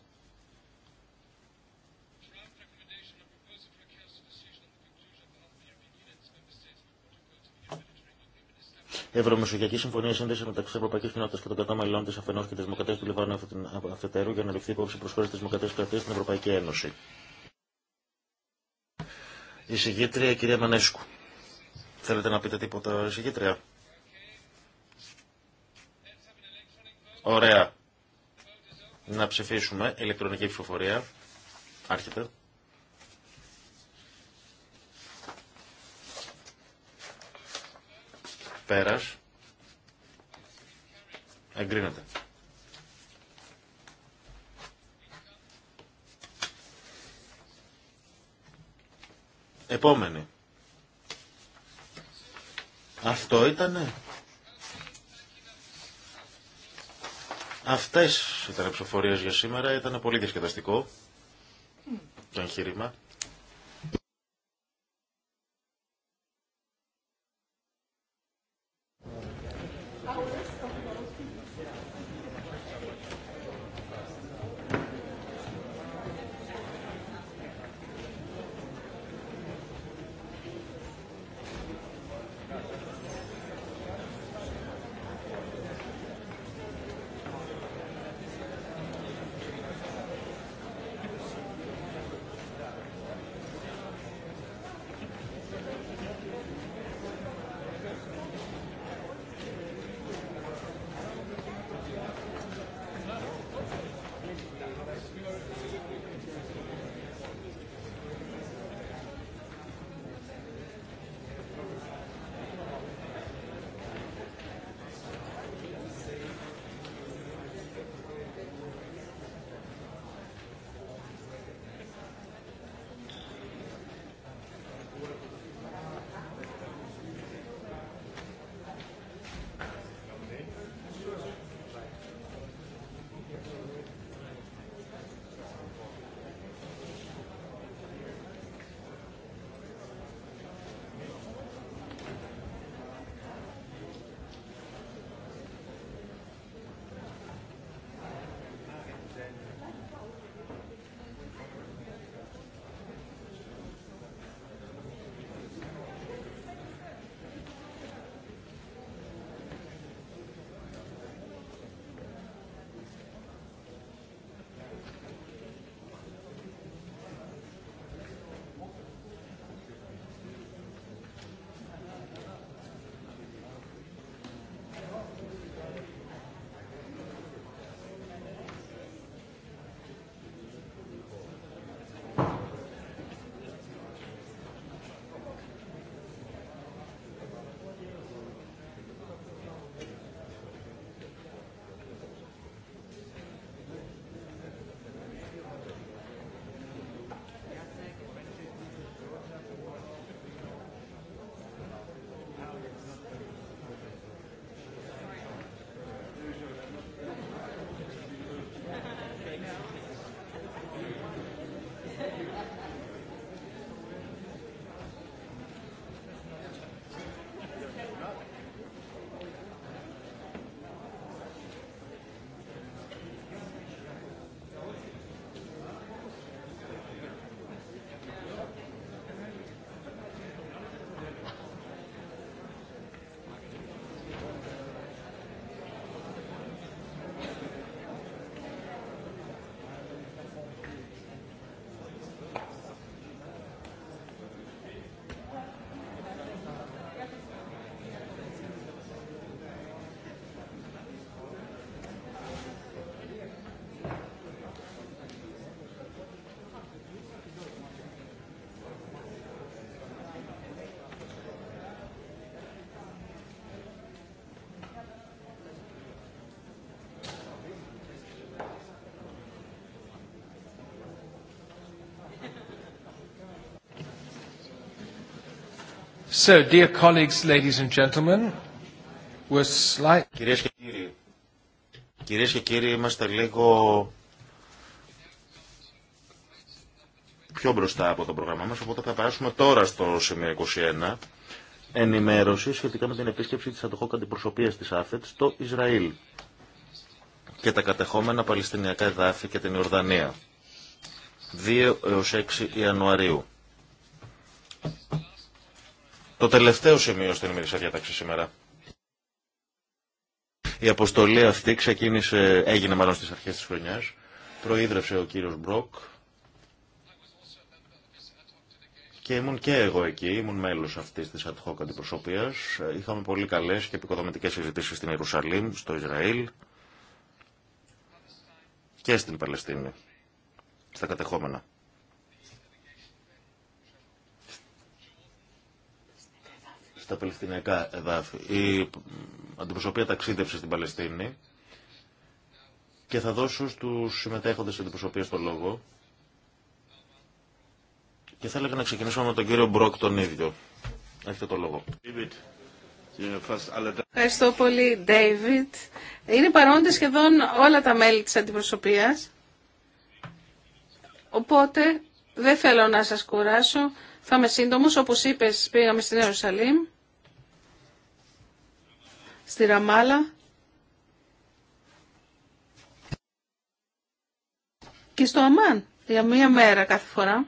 Ευρωμεσογειακή Συμφωνία Σύνδεση μεταξύ Ευρωπαϊκή Κοινότητα και των Καταμαλών τη αφενό και τη Δημοκρατία του Λιβάνου αφετέρου για να ληφθεί υπόψη προσχώρηση τη Δημοκρατία του Κρατία στην Ευρωπαϊκή Ένωση. Η συγγήτρια, κυρία Μανέσκου. Θέλετε να πείτε τίποτα, συγγήτρια. Ωραία. Να ψηφίσουμε ηλεκτρονική ψηφοφορία. Άρχεται. Πέρας. Εγκρίνεται. Επόμενη. Αυτό ήτανε. Αυτές ήταν οι ψηφοφορίες για σήμερα. Ήταν πολύ διασκεδαστικό το εγχείρημα. So, dear colleagues, ladies and gentlemen, Κυρίες και κύριοι, κυρίες και κύριοι, είμαστε λίγο πιο μπροστά από το πρόγραμμά μας, οπότε θα περάσουμε τώρα στο σημείο 21, ενημέρωση σχετικά με την επίσκεψη της αντοχώκ αντιπροσωπείας της ΑΦΕΤ στο Ισραήλ και τα κατεχόμενα Παλαιστινιακά εδάφη και την Ιορδανία. 2 έως 6 Ιανουαρίου. Το τελευταίο σημείο στην ημερήσια διάταξη σήμερα. Η αποστολή αυτή ξεκίνησε, έγινε μάλλον στις αρχές της χρονιάς. Προείδρευσε ο κύριος Μπροκ. Και ήμουν και εγώ εκεί, ήμουν μέλο αυτή τη ad hoc αντιπροσωπεία. Είχαμε πολύ καλέ και επικοδομητικέ συζητήσει στην Ιερουσαλήμ, στο Ισραήλ και στην Παλαιστίνη, στα κατεχόμενα. στα Παλαιστινιακά εδάφη. Η αντιπροσωπεία ταξίδευσε στην Παλαιστίνη και θα δώσω στους συμμετέχοντες αντιπροσωπείας το λόγο και θα έλεγα να ξεκινήσουμε με τον κύριο Μπρόκ τον ίδιο. Έχετε το λόγο. Ευχαριστώ πολύ, Ντέιβιτ. Είναι παρόντε σχεδόν όλα τα μέλη της αντιπροσωπείας. Οπότε δεν θέλω να σας κουράσω. Θα είμαι σύντομο, όπως είπες πήγαμε στην Ιερουσαλήμ στη Ραμάλα και στο Αμάν για μία μέρα κάθε φορά.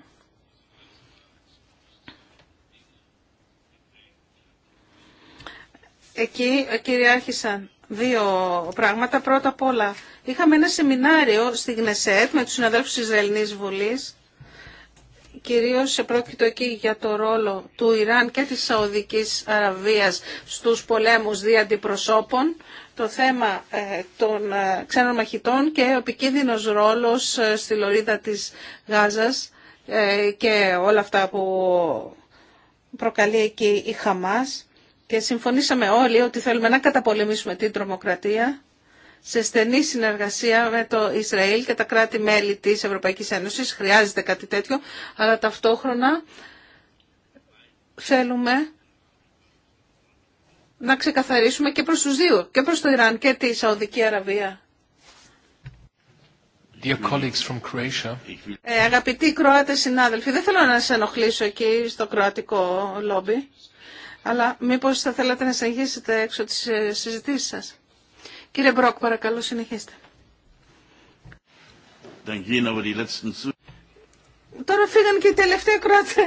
Εκεί ε, κυριάρχησαν δύο πράγματα. Πρώτα απ' όλα είχαμε ένα σεμινάριο στη Γνεσέτ με τους συναδέλφους της Ισραηλινής Βουλής Κυρίως πρόκειται εκεί για το ρόλο του Ιράν και της Σαουδικής Αραβίας στους πολέμους δι' αντιπροσώπων, το θέμα ε, των ε, ξένων μαχητών και ο επικίνδυνος ρόλος ε, στη λωρίδα της Γάζας και όλα αυτά που προκαλεί εκεί η Χαμάς. Και συμφωνήσαμε όλοι ότι θέλουμε να καταπολεμήσουμε την τρομοκρατία σε στενή συνεργασία με το Ισραήλ και τα κράτη-μέλη της Ευρωπαϊκής Ένωσης. Χρειάζεται κάτι τέτοιο, αλλά ταυτόχρονα θέλουμε να ξεκαθαρίσουμε και προς τους δύο, και προς το Ιράν και τη Σαουδική Αραβία. Ε, αγαπητοί Κροάτες συνάδελφοι, δεν θέλω να σας ενοχλήσω εκεί στο κροατικό λόμπι, αλλά μήπως θα θέλατε να συνεχίσετε έξω τις ε, συζητήσεις σας. Κύριε Μπρόκ, παρακαλώ συνεχίστε. Τώρα φύγαν και οι τελευταίοι κρότε.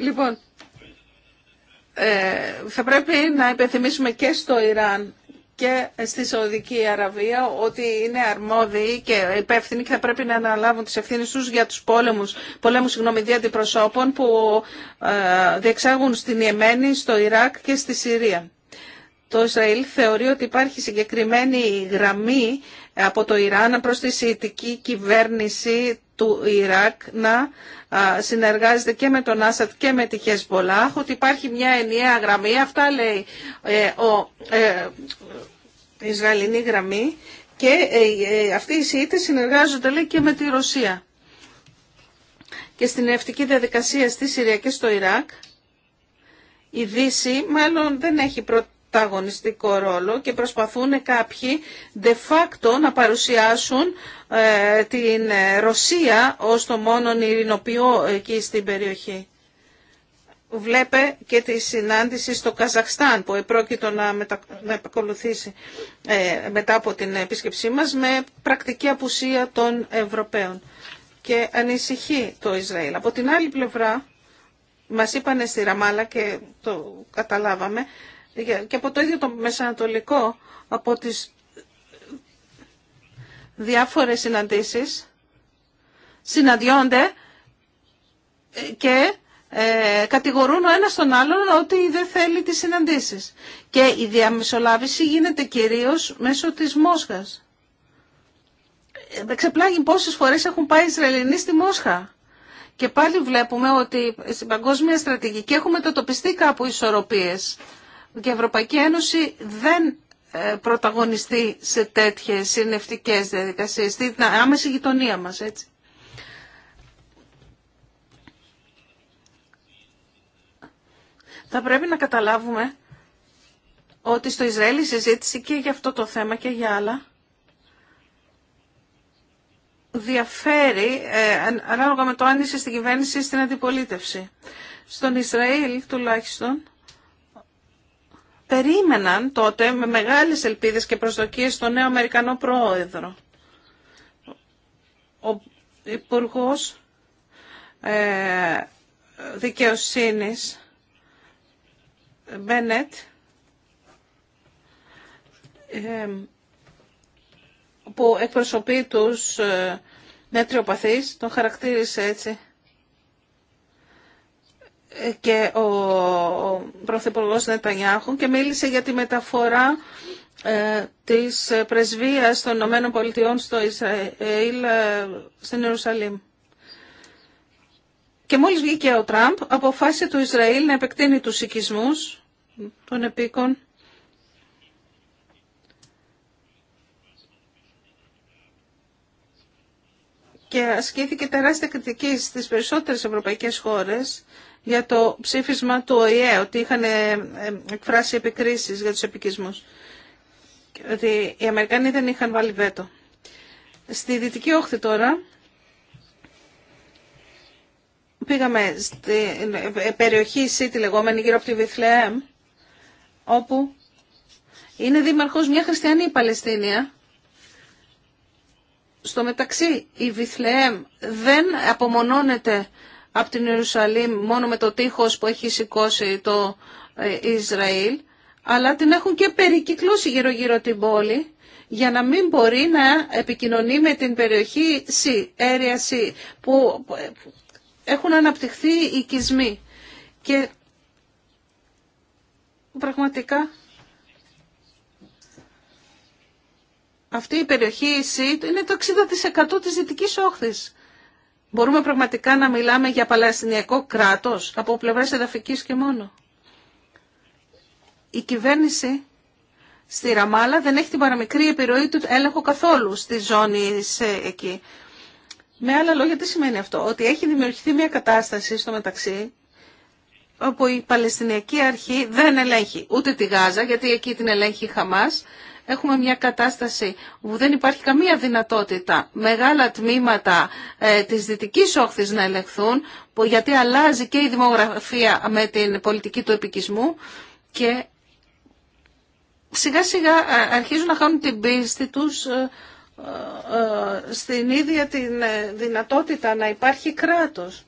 Λοιπόν, ε, θα πρέπει να υπενθυμίσουμε και στο Ιράν και στη Σαουδική Αραβία ότι είναι αρμόδιοι και υπεύθυνοι και θα πρέπει να αναλάβουν τις ευθύνες τους για τους πόλεμους, πολέμους συγγνώμη, αντιπροσώπων που ε, διεξάγουν στην Ιεμένη, στο Ιράκ και στη Συρία το Ισραήλ θεωρεί ότι υπάρχει συγκεκριμένη γραμμή από το Ιράν προς τη Σιητική κυβέρνηση του Ιράκ να συνεργάζεται και με τον Άσαντ και με τη Χεσμολάχ, ότι υπάρχει μια ενιαία γραμμή, αυτά λέει ε, ο, ε, Ισραηλινή γραμμή και ε, ε, αυτοί οι Σιήτες συνεργάζονται λέει και με τη Ρωσία. Και στην ευτική διαδικασία στη Συρία και στο Ιράκ η Δύση μάλλον δεν έχει προτείνει πρωταγωνιστικό ρόλο και προσπαθούν κάποιοι de facto να παρουσιάσουν ε, την ε, Ρωσία ως το μόνο ειρηνοποιό εκεί στην περιοχή. Βλέπε και τη συνάντηση στο Καζαχστάν που επρόκειτο να, μετα... επακολουθήσει ε, μετά από την επίσκεψή μας με πρακτική απουσία των Ευρωπαίων και ανησυχεί το Ισραήλ. Από την άλλη πλευρά μας είπανε στη Ραμάλα και το καταλάβαμε και από το ίδιο το Μεσανατολικό, από τις διάφορες συναντήσεις, συναντιόνται και ε, κατηγορούν ο ένας τον άλλον ότι δεν θέλει τις συναντήσεις. Και η διαμεσολάβηση γίνεται κυρίως μέσω της Μόσχας. Δεν ξεπλάγει πόσες φορές έχουν πάει οι Ισραηλινοί στη Μόσχα. Και πάλι βλέπουμε ότι στην παγκόσμια στρατηγική έχουμε κάπου ισορροπίες και η Ευρωπαϊκή Ένωση δεν ε, πρωταγωνιστεί σε τέτοιες συνευτικές διαδικασίες, στην άμεση γειτονία μας, έτσι. Θα πρέπει να καταλάβουμε ότι στο Ισραήλ η συζήτηση και για αυτό το θέμα και για άλλα διαφέρει ε, ανάλογα με το αν στην κυβέρνηση ή στην αντιπολίτευση. Στον Ισραήλ τουλάχιστον περίμεναν τότε με μεγάλες ελπίδες και προσδοκίες τον νέο Αμερικανό πρόεδρο. Ο υπουργό ε, Δικαιοσύνης Μπένετ ε, που εκπροσωπεί τους ε, τον χαρακτήρισε έτσι και ο, Πρωθυπουργός Νετανιάχου και μίλησε για τη μεταφορά ε, της πρεσβείας των Ηνωμένων Πολιτειών στο Ισραήλ ε, στην Ιερουσαλήμ. Και μόλις βγήκε ο Τραμπ, αποφάσισε το Ισραήλ να επεκτείνει τους οικισμούς των επίκων και ασκήθηκε τεράστια κριτική στις περισσότερες ευρωπαϊκές χώρες για το ψήφισμα του ΟΗΕ, ότι είχαν ε, ε, εκφράσει επικρίσεις για τους επικισμούς. Ότι οι Αμερικανοί δεν είχαν βάλει βέτο. Στη Δυτική Όχθη τώρα, πήγαμε στην ε, περιοχή City λεγόμενη γύρω από τη Βιθλεέμ, όπου είναι δήμαρχος μια χριστιανή Παλαιστίνια. Στο μεταξύ η Βιθλεέμ δεν απομονώνεται από την Ιερουσαλήμ μόνο με το τείχος που έχει σηκώσει το ε, Ισραήλ, αλλά την έχουν και περικυκλώσει γύρω-γύρω την πόλη για να μην μπορεί να επικοινωνεί με την περιοχή C, area που ε, έχουν αναπτυχθεί οι οικισμοί. Και πραγματικά αυτή η περιοχή C είναι το 60% της δυτικής όχθης. Μπορούμε πραγματικά να μιλάμε για παλαιστινιακό κράτος από πλευράς εδαφικής και μόνο. Η κυβέρνηση στη Ραμάλα δεν έχει την παραμικρή επιρροή του έλεγχο καθόλου στη ζώνη εκεί. Με άλλα λόγια τι σημαίνει αυτό. Ότι έχει δημιουργηθεί μια κατάσταση στο μεταξύ όπου η Παλαιστινιακή Αρχή δεν ελέγχει ούτε τη Γάζα, γιατί εκεί την ελέγχει η Χαμάς, έχουμε μια κατάσταση που δεν υπάρχει καμία δυνατότητα μεγάλα τμήματα ε, της δυτικής όχθης να ελεγχθούν, γιατί αλλάζει και η δημογραφία με την πολιτική του επικισμού και σιγά σιγά ε, αρχίζουν να χάνουν την πίστη τους ε, στην ίδια την δυνατότητα να υπάρχει κράτος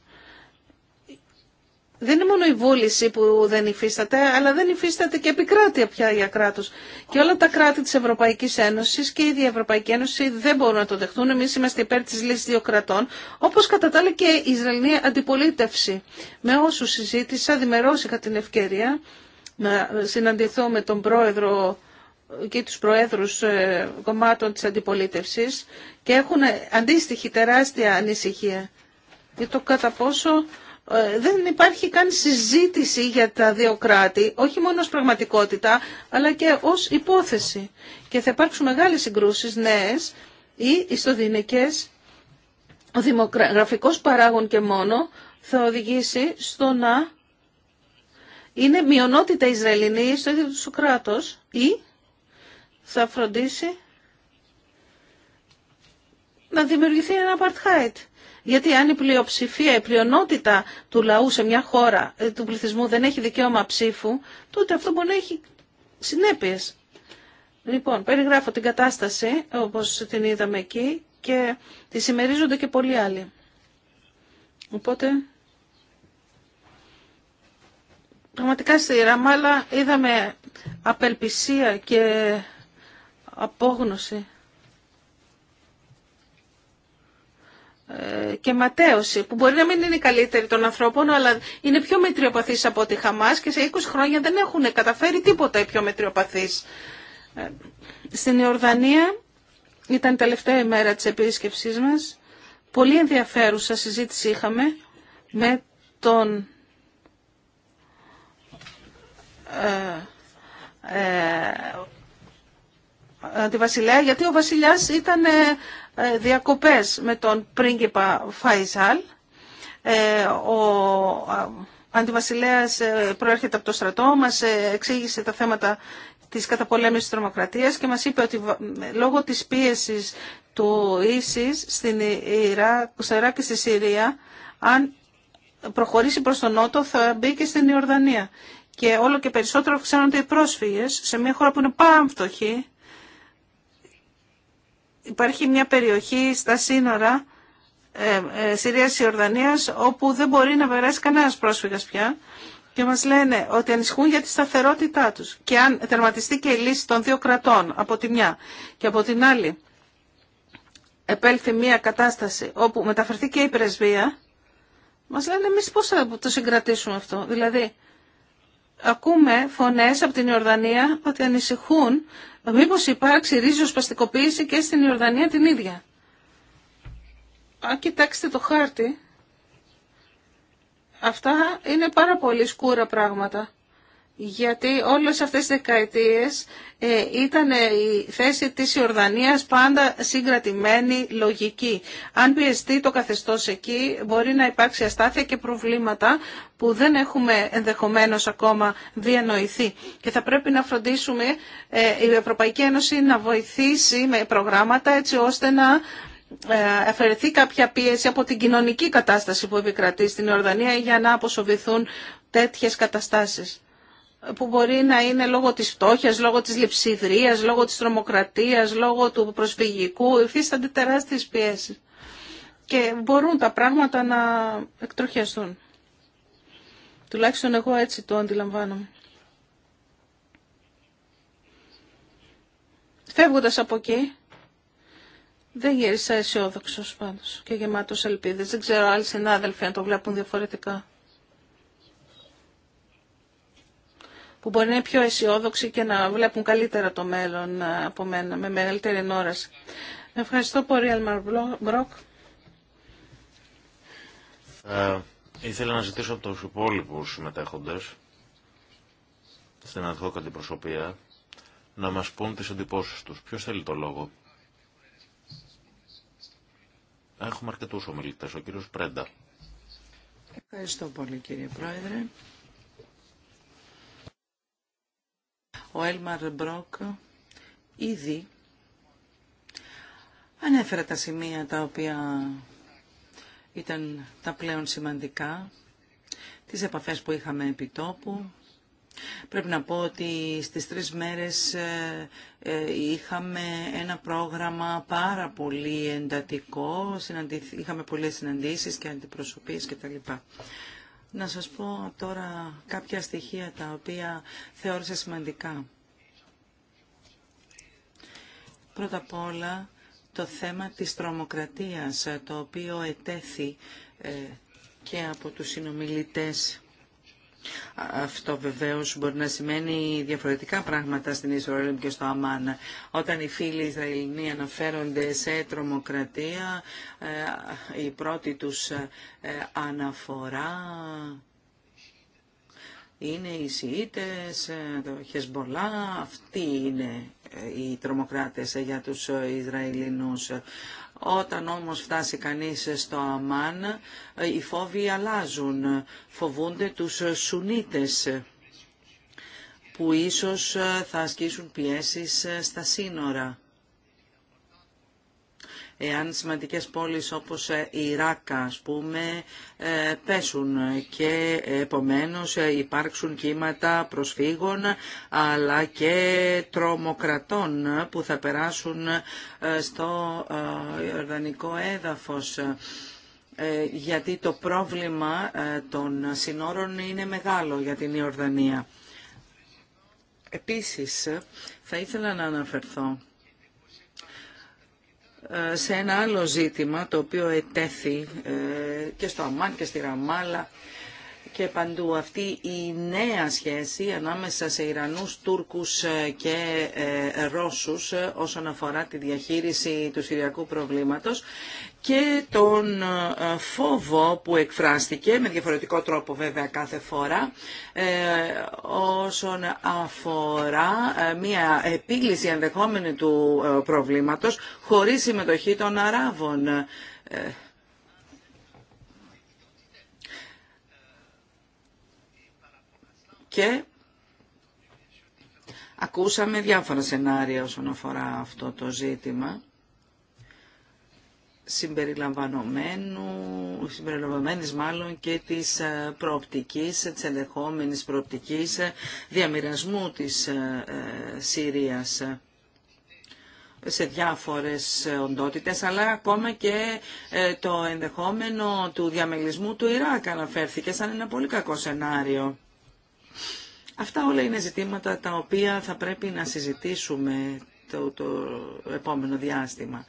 δεν είναι μόνο η βούληση που δεν υφίσταται, αλλά δεν υφίσταται και επικράτεια πια για κράτο. Και όλα τα κράτη τη Ευρωπαϊκή Ένωση και η ίδια Ευρωπαϊκή Ένωση δεν μπορούν να το δεχτούν. Εμεί είμαστε υπέρ τη λύση δύο κρατών, όπω κατά τα άλλα και η Ισραηλινή αντιπολίτευση. Με όσου συζήτησα, δημερώ είχα την ευκαιρία να συναντηθώ με τον πρόεδρο και τους προέδρους ε, κομμάτων της αντιπολίτευση και έχουν αντίστοιχη τεράστια ανησυχία για το κατά πόσο ε, δεν υπάρχει καν συζήτηση για τα δύο κράτη, όχι μόνο ως πραγματικότητα, αλλά και ως υπόθεση. Και θα υπάρξουν μεγάλες συγκρούσεις νέες ή ιστοδυνικές. Ο δημογραφικός παράγων και μόνο θα οδηγήσει στο να είναι μειονότητα Ισραηλινή στο ίδιο του κράτος ή θα φροντίσει να δημιουργηθεί ένα apartheid γιατί αν η πλειοψηφία, η πλειονότητα του λαού σε μια χώρα, ε, του πληθυσμού δεν έχει δικαίωμα ψήφου, τότε αυτό μπορεί να έχει συνέπειες. Λοιπόν, περιγράφω την κατάσταση όπως την είδαμε εκεί και τη συμμερίζονται και πολλοί άλλοι. Οπότε, πραγματικά στη Ραμάλα είδαμε απελπισία και απόγνωση. Ε, και ματέωση, που μπορεί να μην είναι η καλύτερη των ανθρώπων, αλλά είναι πιο μετριοπαθής από τη Χαμάς και σε 20 χρόνια δεν έχουν καταφέρει τίποτα οι πιο μετριοπαθείς. Ε, στην Ιορδανία ήταν η τελευταία ημέρα της επίσκεψής μας. Πολύ ενδιαφέρουσα συζήτηση είχαμε με τον ε, ε, ε τη βασιλέα, γιατί ο βασιλιάς ήταν ε, διακοπές με τον πρίγκιπα Φαϊσάλ. Ε, ο αντιβασιλέας ε, προέρχεται από το στρατό, μας εξήγησε τα θέματα της καταπολέμησης της τρομοκρατίας και μας είπε ότι λόγω της πίεσης του ίσης στην Ιρά, Ιράκ και στη Συρία, αν προχωρήσει προς τον Νότο θα μπει και στην Ιορδανία. Και όλο και περισσότερο αυξάνονται οι πρόσφυγες σε μια χώρα που είναι πάρα υπάρχει μια περιοχή στα σύνορα ε, ε, Συρίας-Ιορδανίας όπου δεν μπορεί να περάσει κανένας πρόσφυγας πια και μας λένε ότι ανησυχούν για τη σταθερότητά τους και αν τερματιστεί και η λύση των δύο κρατών από τη μια και από την άλλη επέλθει μια κατάσταση όπου μεταφερθεί και η πρεσβεία μας λένε εμείς πώς θα το συγκρατήσουμε αυτό δηλαδή ακούμε φωνές από την Ιορδανία ότι ανησυχούν Μήπω υπάρξει ρίζοσπαστικοποίηση και στην Ιορδανία την ίδια. Αν κοιτάξετε το χάρτη, αυτά είναι πάρα πολύ σκούρα πράγματα γιατί όλες αυτές τις δεκαετίες ε, ήταν η θέση της Ιορδανίας πάντα συγκρατημένη, λογική. Αν πιεστεί το καθεστώς εκεί μπορεί να υπάρξει αστάθεια και προβλήματα που δεν έχουμε ενδεχομένως ακόμα διανοηθεί. Και θα πρέπει να φροντίσουμε ε, η Ευρωπαϊκή Ένωση να βοηθήσει με προγράμματα έτσι ώστε να ε, αφαιρεθεί κάποια πίεση από την κοινωνική κατάσταση που επικρατεί στην Ιορδανία για να αποσοβηθούν τέτοιες καταστάσεις που μπορεί να είναι λόγω της φτώχειας, λόγω της λειψιδρίας, λόγω της τρομοκρατίας, λόγω του προσφυγικού, υφίστανται τεράστιες πιέσεις. Και μπορούν τα πράγματα να εκτροχιαστούν. Τουλάχιστον εγώ έτσι το αντιλαμβάνομαι. Φεύγοντας από εκεί, δεν γύρισα αισιόδοξο πάντως και γεμάτος ελπίδες. Δεν ξέρω άλλοι συνάδελφοι αν το βλέπουν διαφορετικά. που μπορεί να είναι πιο αισιόδοξοι και να βλέπουν καλύτερα το μέλλον ε, από μένα, με μεγαλύτερη ενόραση. Ευχαριστώ πολύ, Αλμαρ Μπρόκ. Ε, ήθελα να ζητήσω από τους υπόλοιπους συμμετέχοντες στην Ανθόκα προσωπία, να μας πούν τις εντυπώσεις τους. Ποιος θέλει το λόγο. Έχουμε αρκετούς ομιλητές. Ο κύριος Πρέντα. Ευχαριστώ πολύ κύριε Πρόεδρε. Ο Έλμαρ Μπρόκ ήδη ανέφερε τα σημεία τα οποία ήταν τα πλέον σημαντικά, τις επαφές που είχαμε επί τόπου. Πρέπει να πω ότι στις τρεις μέρες ε, ε, είχαμε ένα πρόγραμμα πάρα πολύ εντατικό, είχαμε πολλές συναντήσεις και αντιπροσωπείς κτλ. Και να σας πω τώρα κάποια στοιχεία τα οποία θεώρησα σημαντικά. Πρώτα απ' όλα το θέμα της τρομοκρατίας, το οποίο ετέθη ε, και από τους συνομιλητές αυτό βεβαίως μπορεί να σημαίνει διαφορετικά πράγματα στην Ισραήλ και στο Αμάν. Όταν οι φίλοι Ισραηλοί αναφέρονται σε τρομοκρατία, ε, η πρώτη τους ε, αναφορά είναι οι Σιήτες, ε, το Χεσμπολά, αυτοί είναι οι τρομοκράτες για τους Ισραηλινούς. Όταν όμως φτάσει κανείς στο Αμάν, οι φόβοι αλλάζουν. Φοβούνται τους Σουνίτες που ίσως θα ασκήσουν πιέσεις στα σύνορα εάν σημαντικές πόλεις όπως ε, η Ράκα πούμε ε, πέσουν και επομένως ε, υπάρξουν κύματα προσφύγων αλλά και τρομοκρατών που θα περάσουν στο Ιορδανικό έδαφος γιατί το πρόβλημα των συνόρων είναι μεγάλο για την Ιορδανία. Επίσης, θα ήθελα να αναφερθώ σε ένα άλλο ζήτημα το οποίο ετέθη ε, και στο Αμάν και στη Ραμάλα και παντού αυτή η νέα σχέση ανάμεσα σε Ιρανούς, Τούρκους ε, και ε, Ρώσους όσον αφορά τη διαχείριση του Συριακού προβλήματος και τον ε, φόβο που εκφράστηκε, με διαφορετικό τρόπο βέβαια κάθε φορά, ε, όσον αφορά ε, μια επίλυση ενδεχόμενη του προβλήματος χωρίς συμμετοχή των Αράβων. Και ακούσαμε διάφορα σενάρια όσον αφορά αυτό το ζήτημα συμπεριλαμβανομένου, συμπεριλαμβανομένης μάλλον και της ε, προοπτικής, της ενδεχόμενης προοπτικής ε, διαμοιρασμού της ε, Συρίας σε διάφορες οντότητες, αλλά ακόμα και το ενδεχόμενο του διαμελισμού του Ιράκ αναφέρθηκε σαν ένα πολύ κακό σενάριο. Αυτά όλα είναι ζητήματα τα οποία θα πρέπει να συζητήσουμε το, επόμενο διάστημα.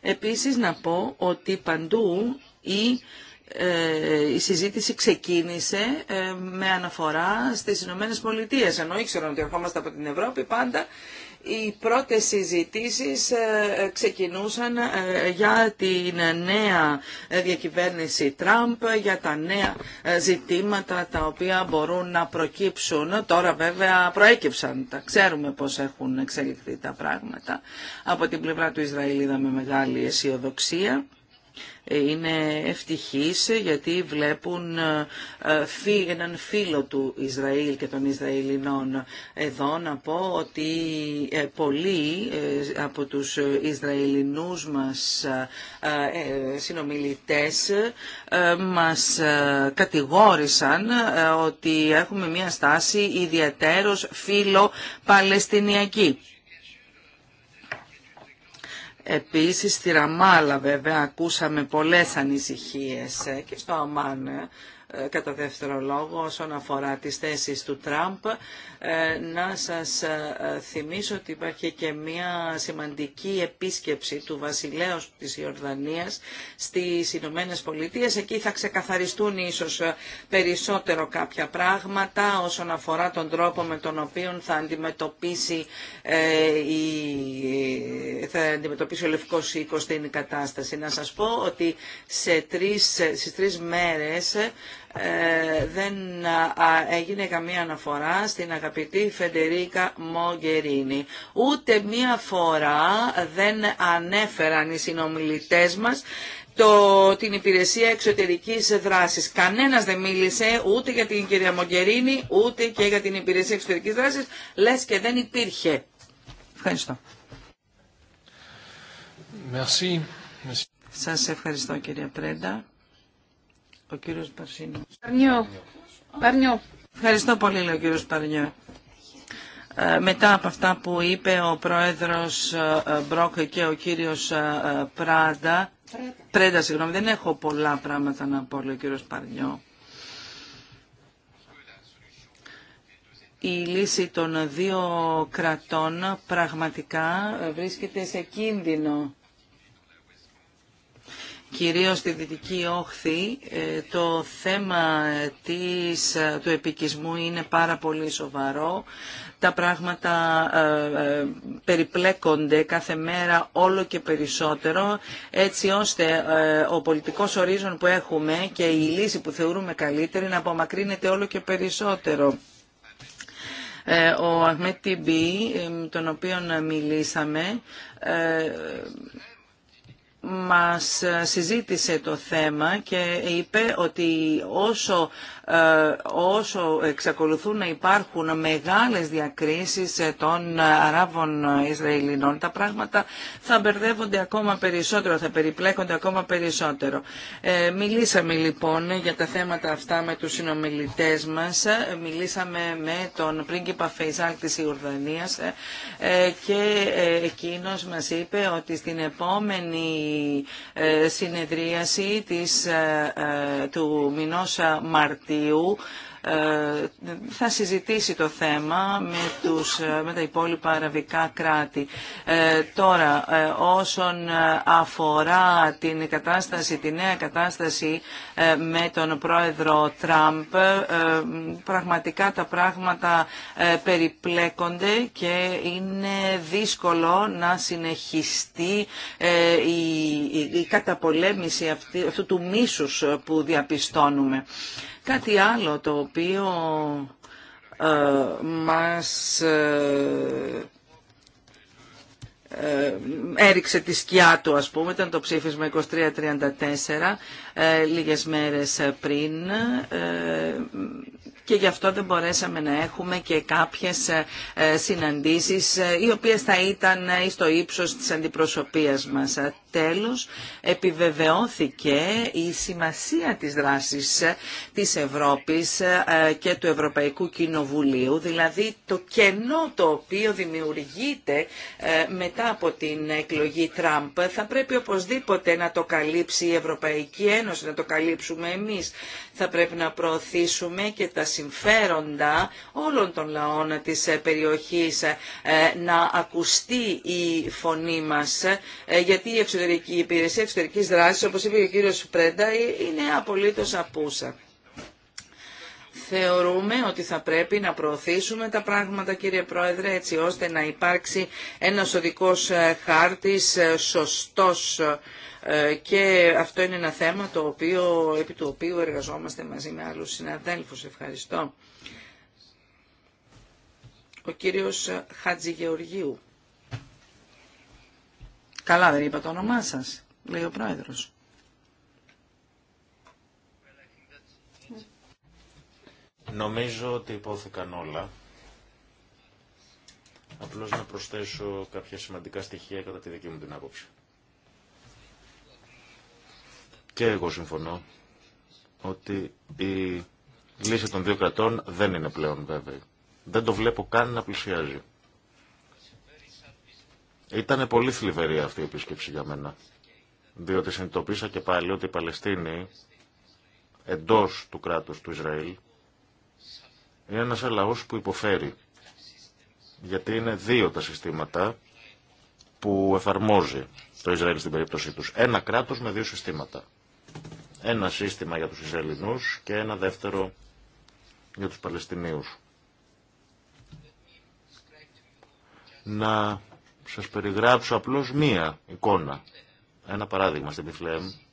Επίσης να πω ότι παντού η ε, η συζήτηση ξεκίνησε ε, με αναφορά στις Ηνωμένε Πολιτείε. Ενώ ήξεραν ότι ερχόμαστε από την Ευρώπη, πάντα οι πρώτες συζητήσεις ε, ξεκινούσαν ε, για την νέα ε, διακυβέρνηση Τραμπ, για τα νέα ζητήματα τα οποία μπορούν να προκύψουν. Τώρα βέβαια προέκυψαν, τα ξέρουμε πώς έχουν εξελιχθεί τα πράγματα. Από την πλευρά του Ισραήλ είδαμε μεγάλη αισιοδοξία είναι ευτυχείς γιατί βλέπουν ε, έναν φίλο του Ισραήλ και των Ισραηλινών. Εδώ να πω ότι ε, πολλοί ε, από τους Ισραηλινούς μας συνομιλητές μας κατηγόρησαν ότι έχουμε μια στάση ιδιαίτερος φίλο-παλαιστινιακή. Επίσης στη Ραμάλα βέβαια ακούσαμε πολλές ανησυχίες ε, και στο Αμάν ε, ε, κατά δεύτερο λόγο όσον αφορά τις θέσεις του Τραμπ ε, να σας ε, ε, θυμίσω ότι υπάρχει και μια σημαντική επίσκεψη του βασιλέως της Ιορδανίας στις Ηνωμένε Πολιτείες. Εκεί θα ξεκαθαριστούν ίσως περισσότερο κάποια πράγματα όσον αφορά τον τρόπο με τον οποίο θα αντιμετωπίσει, η, θα αντιμετωπίσει ο Λευκός Οίκος την κατάσταση. Να σας πω ότι σε τρεις, στις τρεις μέρες ε, δεν έγινε καμία αναφορά στην αγαπητή Φεντερίκα Μογκερίνη. Ούτε μία φορά δεν ανέφεραν οι συνομιλητές μας το, την υπηρεσία εξωτερικής δράσης. Κανένας δεν μίλησε ούτε για την κυρία Μογκερίνη, ούτε και για την υπηρεσία εξωτερικής δράσης, λες και δεν υπήρχε. Ευχαριστώ. Merci. Σας ευχαριστώ κυρία Πρέντα. Ο κύριος Παρσίνο. Παρνιό. Παρνιό. Ευχαριστώ πολύ, λέει ο κύριος Παρνιό. Ε, μετά από αυτά που είπε ο πρόεδρος ε, ε, Μπρόκ και ο κύριος Πράντα, Πρέντα, συγγνώμη, δεν έχω πολλά πράγματα να πω, λέει ο κύριος Παρνιό. η λύση των δύο κρατών πραγματικά βρίσκεται σε κίνδυνο κυρίως στη Δυτική Όχθη, ε, το θέμα της, ε, του επικισμού είναι πάρα πολύ σοβαρό. Τα πράγματα ε, περιπλέκονται κάθε μέρα όλο και περισσότερο, έτσι ώστε ο πολιτικός ορίζον που έχουμε και η λύση που θεωρούμε καλύτερη να απομακρύνεται όλο και περισσότερο ο Αγμέτ Τιμπή, τον οποίον μιλήσαμε, μας συζήτησε το θέμα και είπε ότι όσο ε, όσο εξακολουθούν να υπάρχουν μεγάλες διακρίσεις ε, των ε, Αράβων Ισραηλινών, τα πράγματα θα μπερδεύονται ακόμα περισσότερο, θα περιπλέκονται ακόμα περισσότερο. Μιλήσαμε λοιπόν για τα θέματα αυτά με τους συνομιλητές μας, μιλήσαμε με τον πρίγκιπα Φεϊζάλ της Ιορδανίας και εκείνος μας είπε ότι στην επόμενη συνεδρίαση της, του μηνός Μαρτίου ε, θα συζητήσει το θέμα με, τους, ε, με τα υπόλοιπα αραβικά κράτη. Ε, τώρα, όσον αφορά την κατάσταση, τη νέα κατάσταση με τον πρόεδρο Τραμπ, πραγματικά τα πράγματα περιπλέκονται και είναι δύσκολο να συνεχιστεί η, η, καταπολέμηση αυτή, αυτού του μίσους που διαπιστώνουμε. Κάτι άλλο το οποίο ε, μας ε, ε, έριξε τη σκιά του ας πούμε, ήταν το ψήφισμα 2334 ε, λίγες μέρες πριν και γι' αυτό δεν μπορέσαμε να έχουμε και κάποιες ε, ε, συναντήσεις ε, οι οποίες θα ήταν στο ύψος της αντιπροσωπείας μας. Τέλος, επιβεβαιώθηκε η σημασία της δράσης της Ευρώπης και του Ευρωπαϊκού Κοινοβουλίου, δηλαδή το κενό το οποίο δημιουργείται μετά από την εκλογή Τραμπ θα πρέπει οπωσδήποτε να το καλύψει η Ευρωπαϊκή Ένωση, να το καλύψουμε εμείς. Θα πρέπει να προωθήσουμε και τα συμφέροντα όλων των λαών της ε, περιοχής ε, να ακουστεί η φωνή μας ε, γιατί η, εξωτερική, υπηρεσία εξωτερικής δράσης όπως είπε ο κύριος Πρέντα είναι απολύτως απούσα. Θεωρούμε ότι θα πρέπει να προωθήσουμε τα πράγματα κύριε Πρόεδρε έτσι ώστε να υπάρξει ένας οδικός χάρτης σωστός ε, και αυτό είναι ένα θέμα το οποίο, επί του οποίου εργαζόμαστε μαζί με άλλους συναδέλφους. Ευχαριστώ. Ο κύριος Χατζηγεωργίου. Καλά δεν είπα το όνομά σας, λέει ο πρόεδρος. Νομίζω ότι υπόθηκαν όλα. Απλώς να προσθέσω κάποια σημαντικά στοιχεία κατά τη δική μου την άποψη. Και εγώ συμφωνώ ότι η λύση των δύο κρατών δεν είναι πλέον βέβαιη. Δεν το βλέπω καν να πλησιάζει. Ήταν πολύ θλιβερή αυτή η επίσκεψη για μένα. Διότι συνειδητοποίησα και πάλι ότι η Παλαιστίνη, εντός του κράτους του Ισραήλ είναι ένας λαός που υποφέρει. Γιατί είναι δύο τα συστήματα που εφαρμόζει το Ισραήλ στην περίπτωσή τους. Ένα κράτος με δύο συστήματα. Ένα σύστημα για τους Ισραηλινούς και ένα δεύτερο για τους Παλαιστινίους. Να σας περιγράψω απλώς μία εικόνα. Ένα παράδειγμα στην Πιφλέμ. Μια εικονα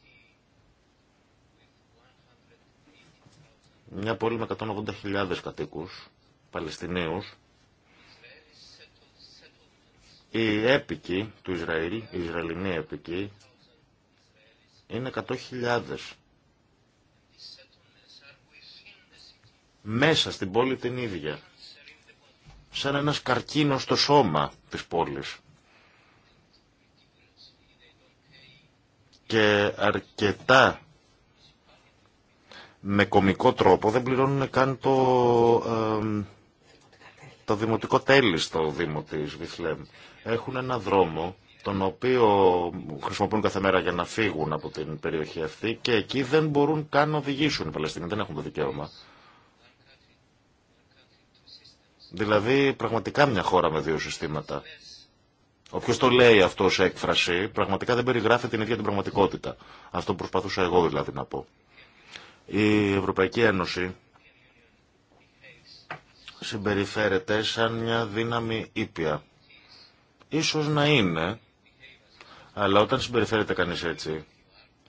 ενα παραδειγμα στην τιφλεμ μια πολη με 180.000 κατοίκους, Παλαιστινίους, οι έπικοι του Ισραήλ, η Ισραηλινή έπικοι, είναι 100.000 μέσα στην πόλη την ίδια. Σαν ένας καρκίνος στο σώμα της πόλης. Και αρκετά με κομικό τρόπο δεν πληρώνουν καν το, το δημοτικό τέλη στο Δήμο της Βιθλέμ. Έχουν ένα δρόμο τον οποίο χρησιμοποιούν κάθε μέρα για να φύγουν από την περιοχή αυτή και εκεί δεν μπορούν καν να οδηγήσουν οι Παλαιστινοί, δεν έχουν το δικαίωμα. Δηλαδή πραγματικά μια χώρα με δύο συστήματα. Όποιο το λέει αυτό σε έκφραση, πραγματικά δεν περιγράφει την ίδια την πραγματικότητα. Αυτό που προσπαθούσα εγώ δηλαδή να πω. Η Ευρωπαϊκή Ένωση συμπεριφέρεται σαν μια δύναμη ήπια. Ίσως να είναι, αλλά όταν συμπεριφέρεται κανείς έτσι,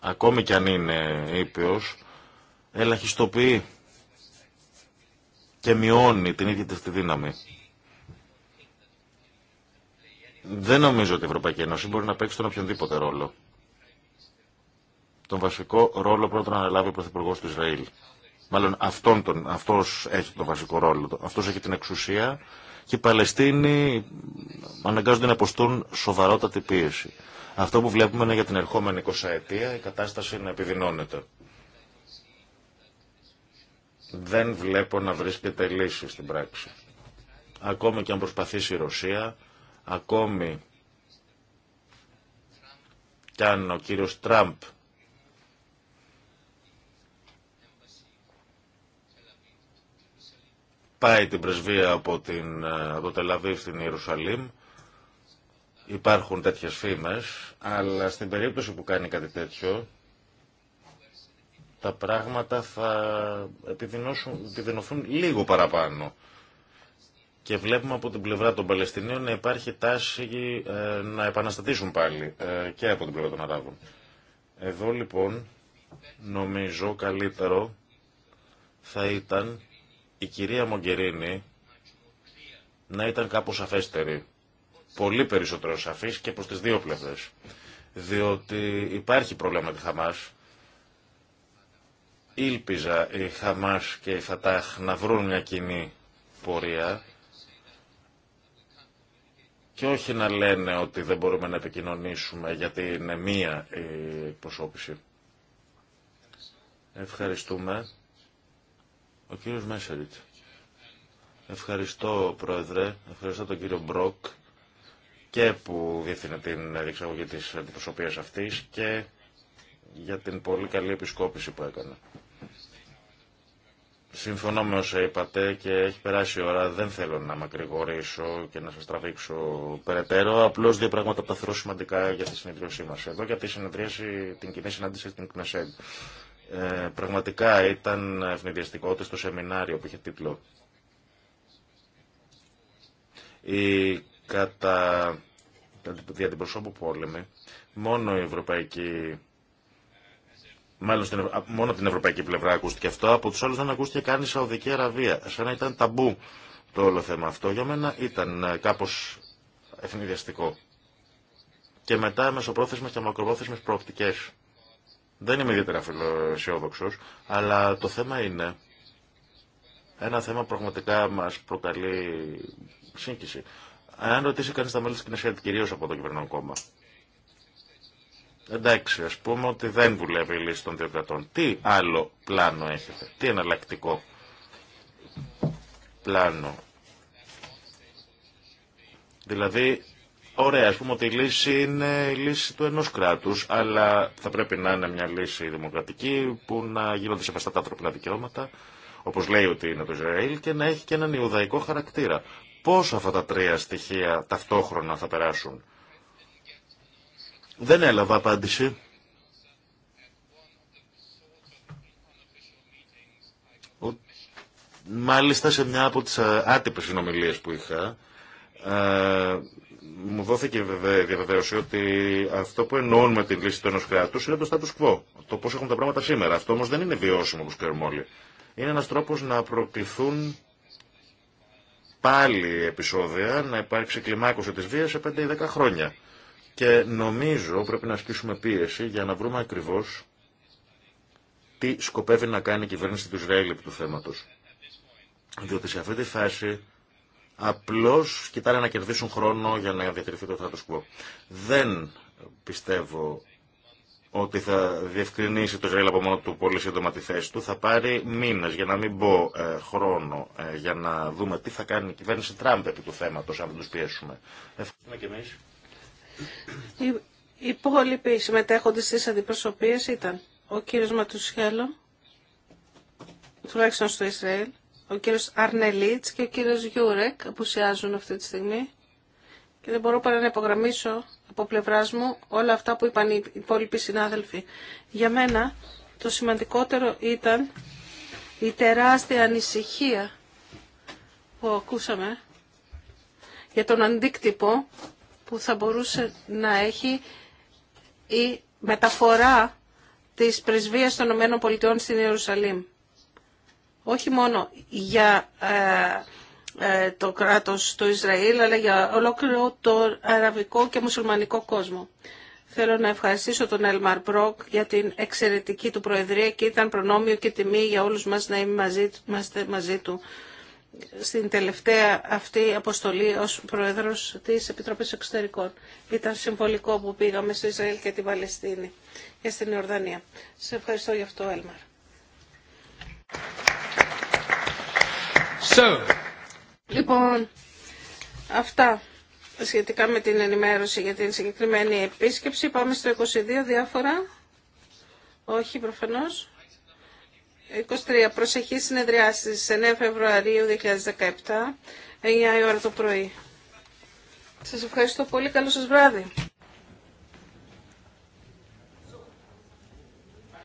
ακόμη κι αν είναι ήπιος, ελαχιστοποιεί και μειώνει την ίδια της τη δύναμη. Δεν νομίζω ότι η Ευρωπαϊκή Ένωση μπορεί να παίξει τον οποιονδήποτε ρόλο. Τον βασικό ρόλο πρώτα να αναλάβει ο Πρωθυπουργό του Ισραήλ. Μάλλον αυτόν τον, αυτός έχει τον βασικό ρόλο. Αυτός έχει την εξουσία και οι Παλαιστίνοι αναγκάζονται να αποστούν σοβαρότατη πίεση. Αυτό που βλέπουμε είναι για την ερχόμενη 20 ετία η κατάσταση να επιδεινώνεται δεν βλέπω να βρίσκεται λύση στην πράξη. Ακόμη και αν προσπαθήσει η Ρωσία, ακόμη κι αν ο κύριος Τραμπ πάει την πρεσβεία από, την, από το Τελαβή στην Ιερουσαλήμ, υπάρχουν τέτοιες φήμες, αλλά στην περίπτωση που κάνει κάτι τέτοιο, τα πράγματα θα επιδεινωθούν λίγο παραπάνω. Και βλέπουμε από την πλευρά των Παλαιστινίων να υπάρχει τάση ε, να επαναστατήσουν πάλι ε, και από την πλευρά των Αράβων. Εδώ λοιπόν νομίζω καλύτερο θα ήταν η κυρία Μογκερίνη να ήταν κάπως σαφέστερη. Πολύ περισσότερο σαφής και προς τις δύο πλευρές. Διότι υπάρχει πρόβλημα με τη ήλπιζα η Χαμάς και η Φατάχ να βρουν μια κοινή πορεία και όχι να λένε ότι δεν μπορούμε να επικοινωνήσουμε γιατί είναι μία η εκπροσώπηση. Ευχαριστούμε. Ο κύριος Μέσεριτ. Ευχαριστώ, Πρόεδρε. Ευχαριστώ τον κύριο Μπροκ και που διεύθυνε την διεξαγωγή της αντιπροσωπείας αυτής και για την πολύ καλή επισκόπηση που έκανε. Συμφωνώ με όσα είπατε και έχει περάσει η ώρα. Δεν θέλω να μακρηγορήσω και να σα τραβήξω περαιτέρω. Απλώ δύο πράγματα που θα θεωρώ σημαντικά για τη συνεδρίωσή μα εδώ, για τη συνεδρίαση, την κοινή συνάντηση στην ΚΝΕΣΕΔ. πραγματικά ήταν ευνηδιαστικό ότι στο σεμινάριο που είχε τίτλο η κατά δια την προσώπου πόλεμη μόνο η Ευρωπαϊκή Μάλλον στην, μόνο την ευρωπαϊκή πλευρά ακούστηκε αυτό. Από του άλλου δεν ακούστηκε καν η Σαουδική Αραβία. Σαν να ήταν ταμπού το όλο θέμα αυτό. Για μένα ήταν ε, κάπω ευνηδιαστικό. Και μετά μεσοπρόθεσμε και μακροπρόθεσμε προοπτικέ. Δεν είμαι ιδιαίτερα αισιόδοξο, αλλά το θέμα είναι ένα θέμα πραγματικά μα προκαλεί σύγκριση. Αν ρωτήσει κανεί τα μέλη τη Κινέσια, κυρίω από το κυβερνό κόμμα, εντάξει, ας πούμε ότι δεν δουλεύει η λύση των δύο κρατών. Τι άλλο πλάνο έχετε, τι εναλλακτικό πλάνο. Δηλαδή, ωραία, ας πούμε ότι η λύση είναι η λύση του ενός κράτους, αλλά θα πρέπει να είναι μια λύση δημοκρατική που να γίνονται σεβαστά τα ανθρωπινά δικαιώματα, όπως λέει ότι είναι το Ισραήλ, και να έχει και έναν ιουδαϊκό χαρακτήρα. Πώς αυτά τα τρία στοιχεία ταυτόχρονα θα περάσουν. Δεν έλαβα απάντηση. Μάλιστα σε μια από τις ε, άτυπες συνομιλίες που είχα, ε, μου δόθηκε η διαβεβαίωση ότι αυτό που εννοούν με τη λύση του ενός κράτους είναι το status quo, το πώς έχουν τα πράγματα σήμερα. Αυτό όμως δεν είναι βιώσιμο όπως ξέρουμε όλοι. Είναι ένας τρόπος να προκληθούν πάλι επεισόδια, να υπάρξει κλιμάκωση της βίας σε 5 ή 10 χρόνια. Και νομίζω πρέπει να ασκήσουμε πίεση για να βρούμε ακριβώς τι σκοπεύει να κάνει η κυβέρνηση του Ισραήλ επί του θέματος. Διότι σε αυτή τη φάση απλώς κοιτάνε να κερδίσουν χρόνο για να διατηρηθεί το status κουβό. Δεν πιστεύω ότι θα διευκρινίσει το Ισραήλ από μόνο του πολύ σύντομα τη θέση του. Θα πάρει μήνε, για να μην πω ε, χρόνο, ε, για να δούμε τι θα κάνει η κυβέρνηση Τραμπ επί του θέματο, αν δεν του πιέσουμε. Ευχαριστούμε και εμεί. Οι υπόλοιποι συμμετέχοντε στι αντιπροσωπείε ήταν ο κύριος Ματουσχέλο, τουλάχιστον στο Ισραήλ, ο κύριος Αρνελίτς και ο κύριος Γιούρεκ απουσιάζουν αυτή τη στιγμή και δεν μπορώ παρά να υπογραμμίσω από πλευρά μου όλα αυτά που είπαν οι υπόλοιποι συνάδελφοι. Για μένα το σημαντικότερο ήταν η τεράστια ανησυχία που ακούσαμε για τον αντίκτυπο που θα μπορούσε να έχει η μεταφορά της πρεσβείας των ΗΠΑ στην Ιερουσαλήμ. Όχι μόνο για ε, ε, το κράτος του Ισραήλ, αλλά για ολόκληρο το αραβικό και μουσουλμανικό κόσμο. Θέλω να ευχαριστήσω τον Ελμαρ Μπρόκ για την εξαιρετική του προεδρία και ήταν προνόμιο και τιμή για όλους μας να είμαστε μαζί του στην τελευταία αυτή αποστολή ως Πρόεδρος της Επιτροπής Εξωτερικών. Ήταν συμβολικό που πήγαμε στο Ισραήλ και την Παλαιστίνη και στην Ιορδανία. Σε ευχαριστώ γι' αυτό, Έλμαρ. So. Λοιπόν, αυτά σχετικά με την ενημέρωση για την συγκεκριμένη επίσκεψη. Πάμε στο 22 διάφορα. Όχι, προφανώς. 23. Προσεχή συνεδριάση 9 Φεβρουαρίου 2017, 9 η ώρα το πρωί. Σας ευχαριστώ πολύ. Καλό σας βράδυ.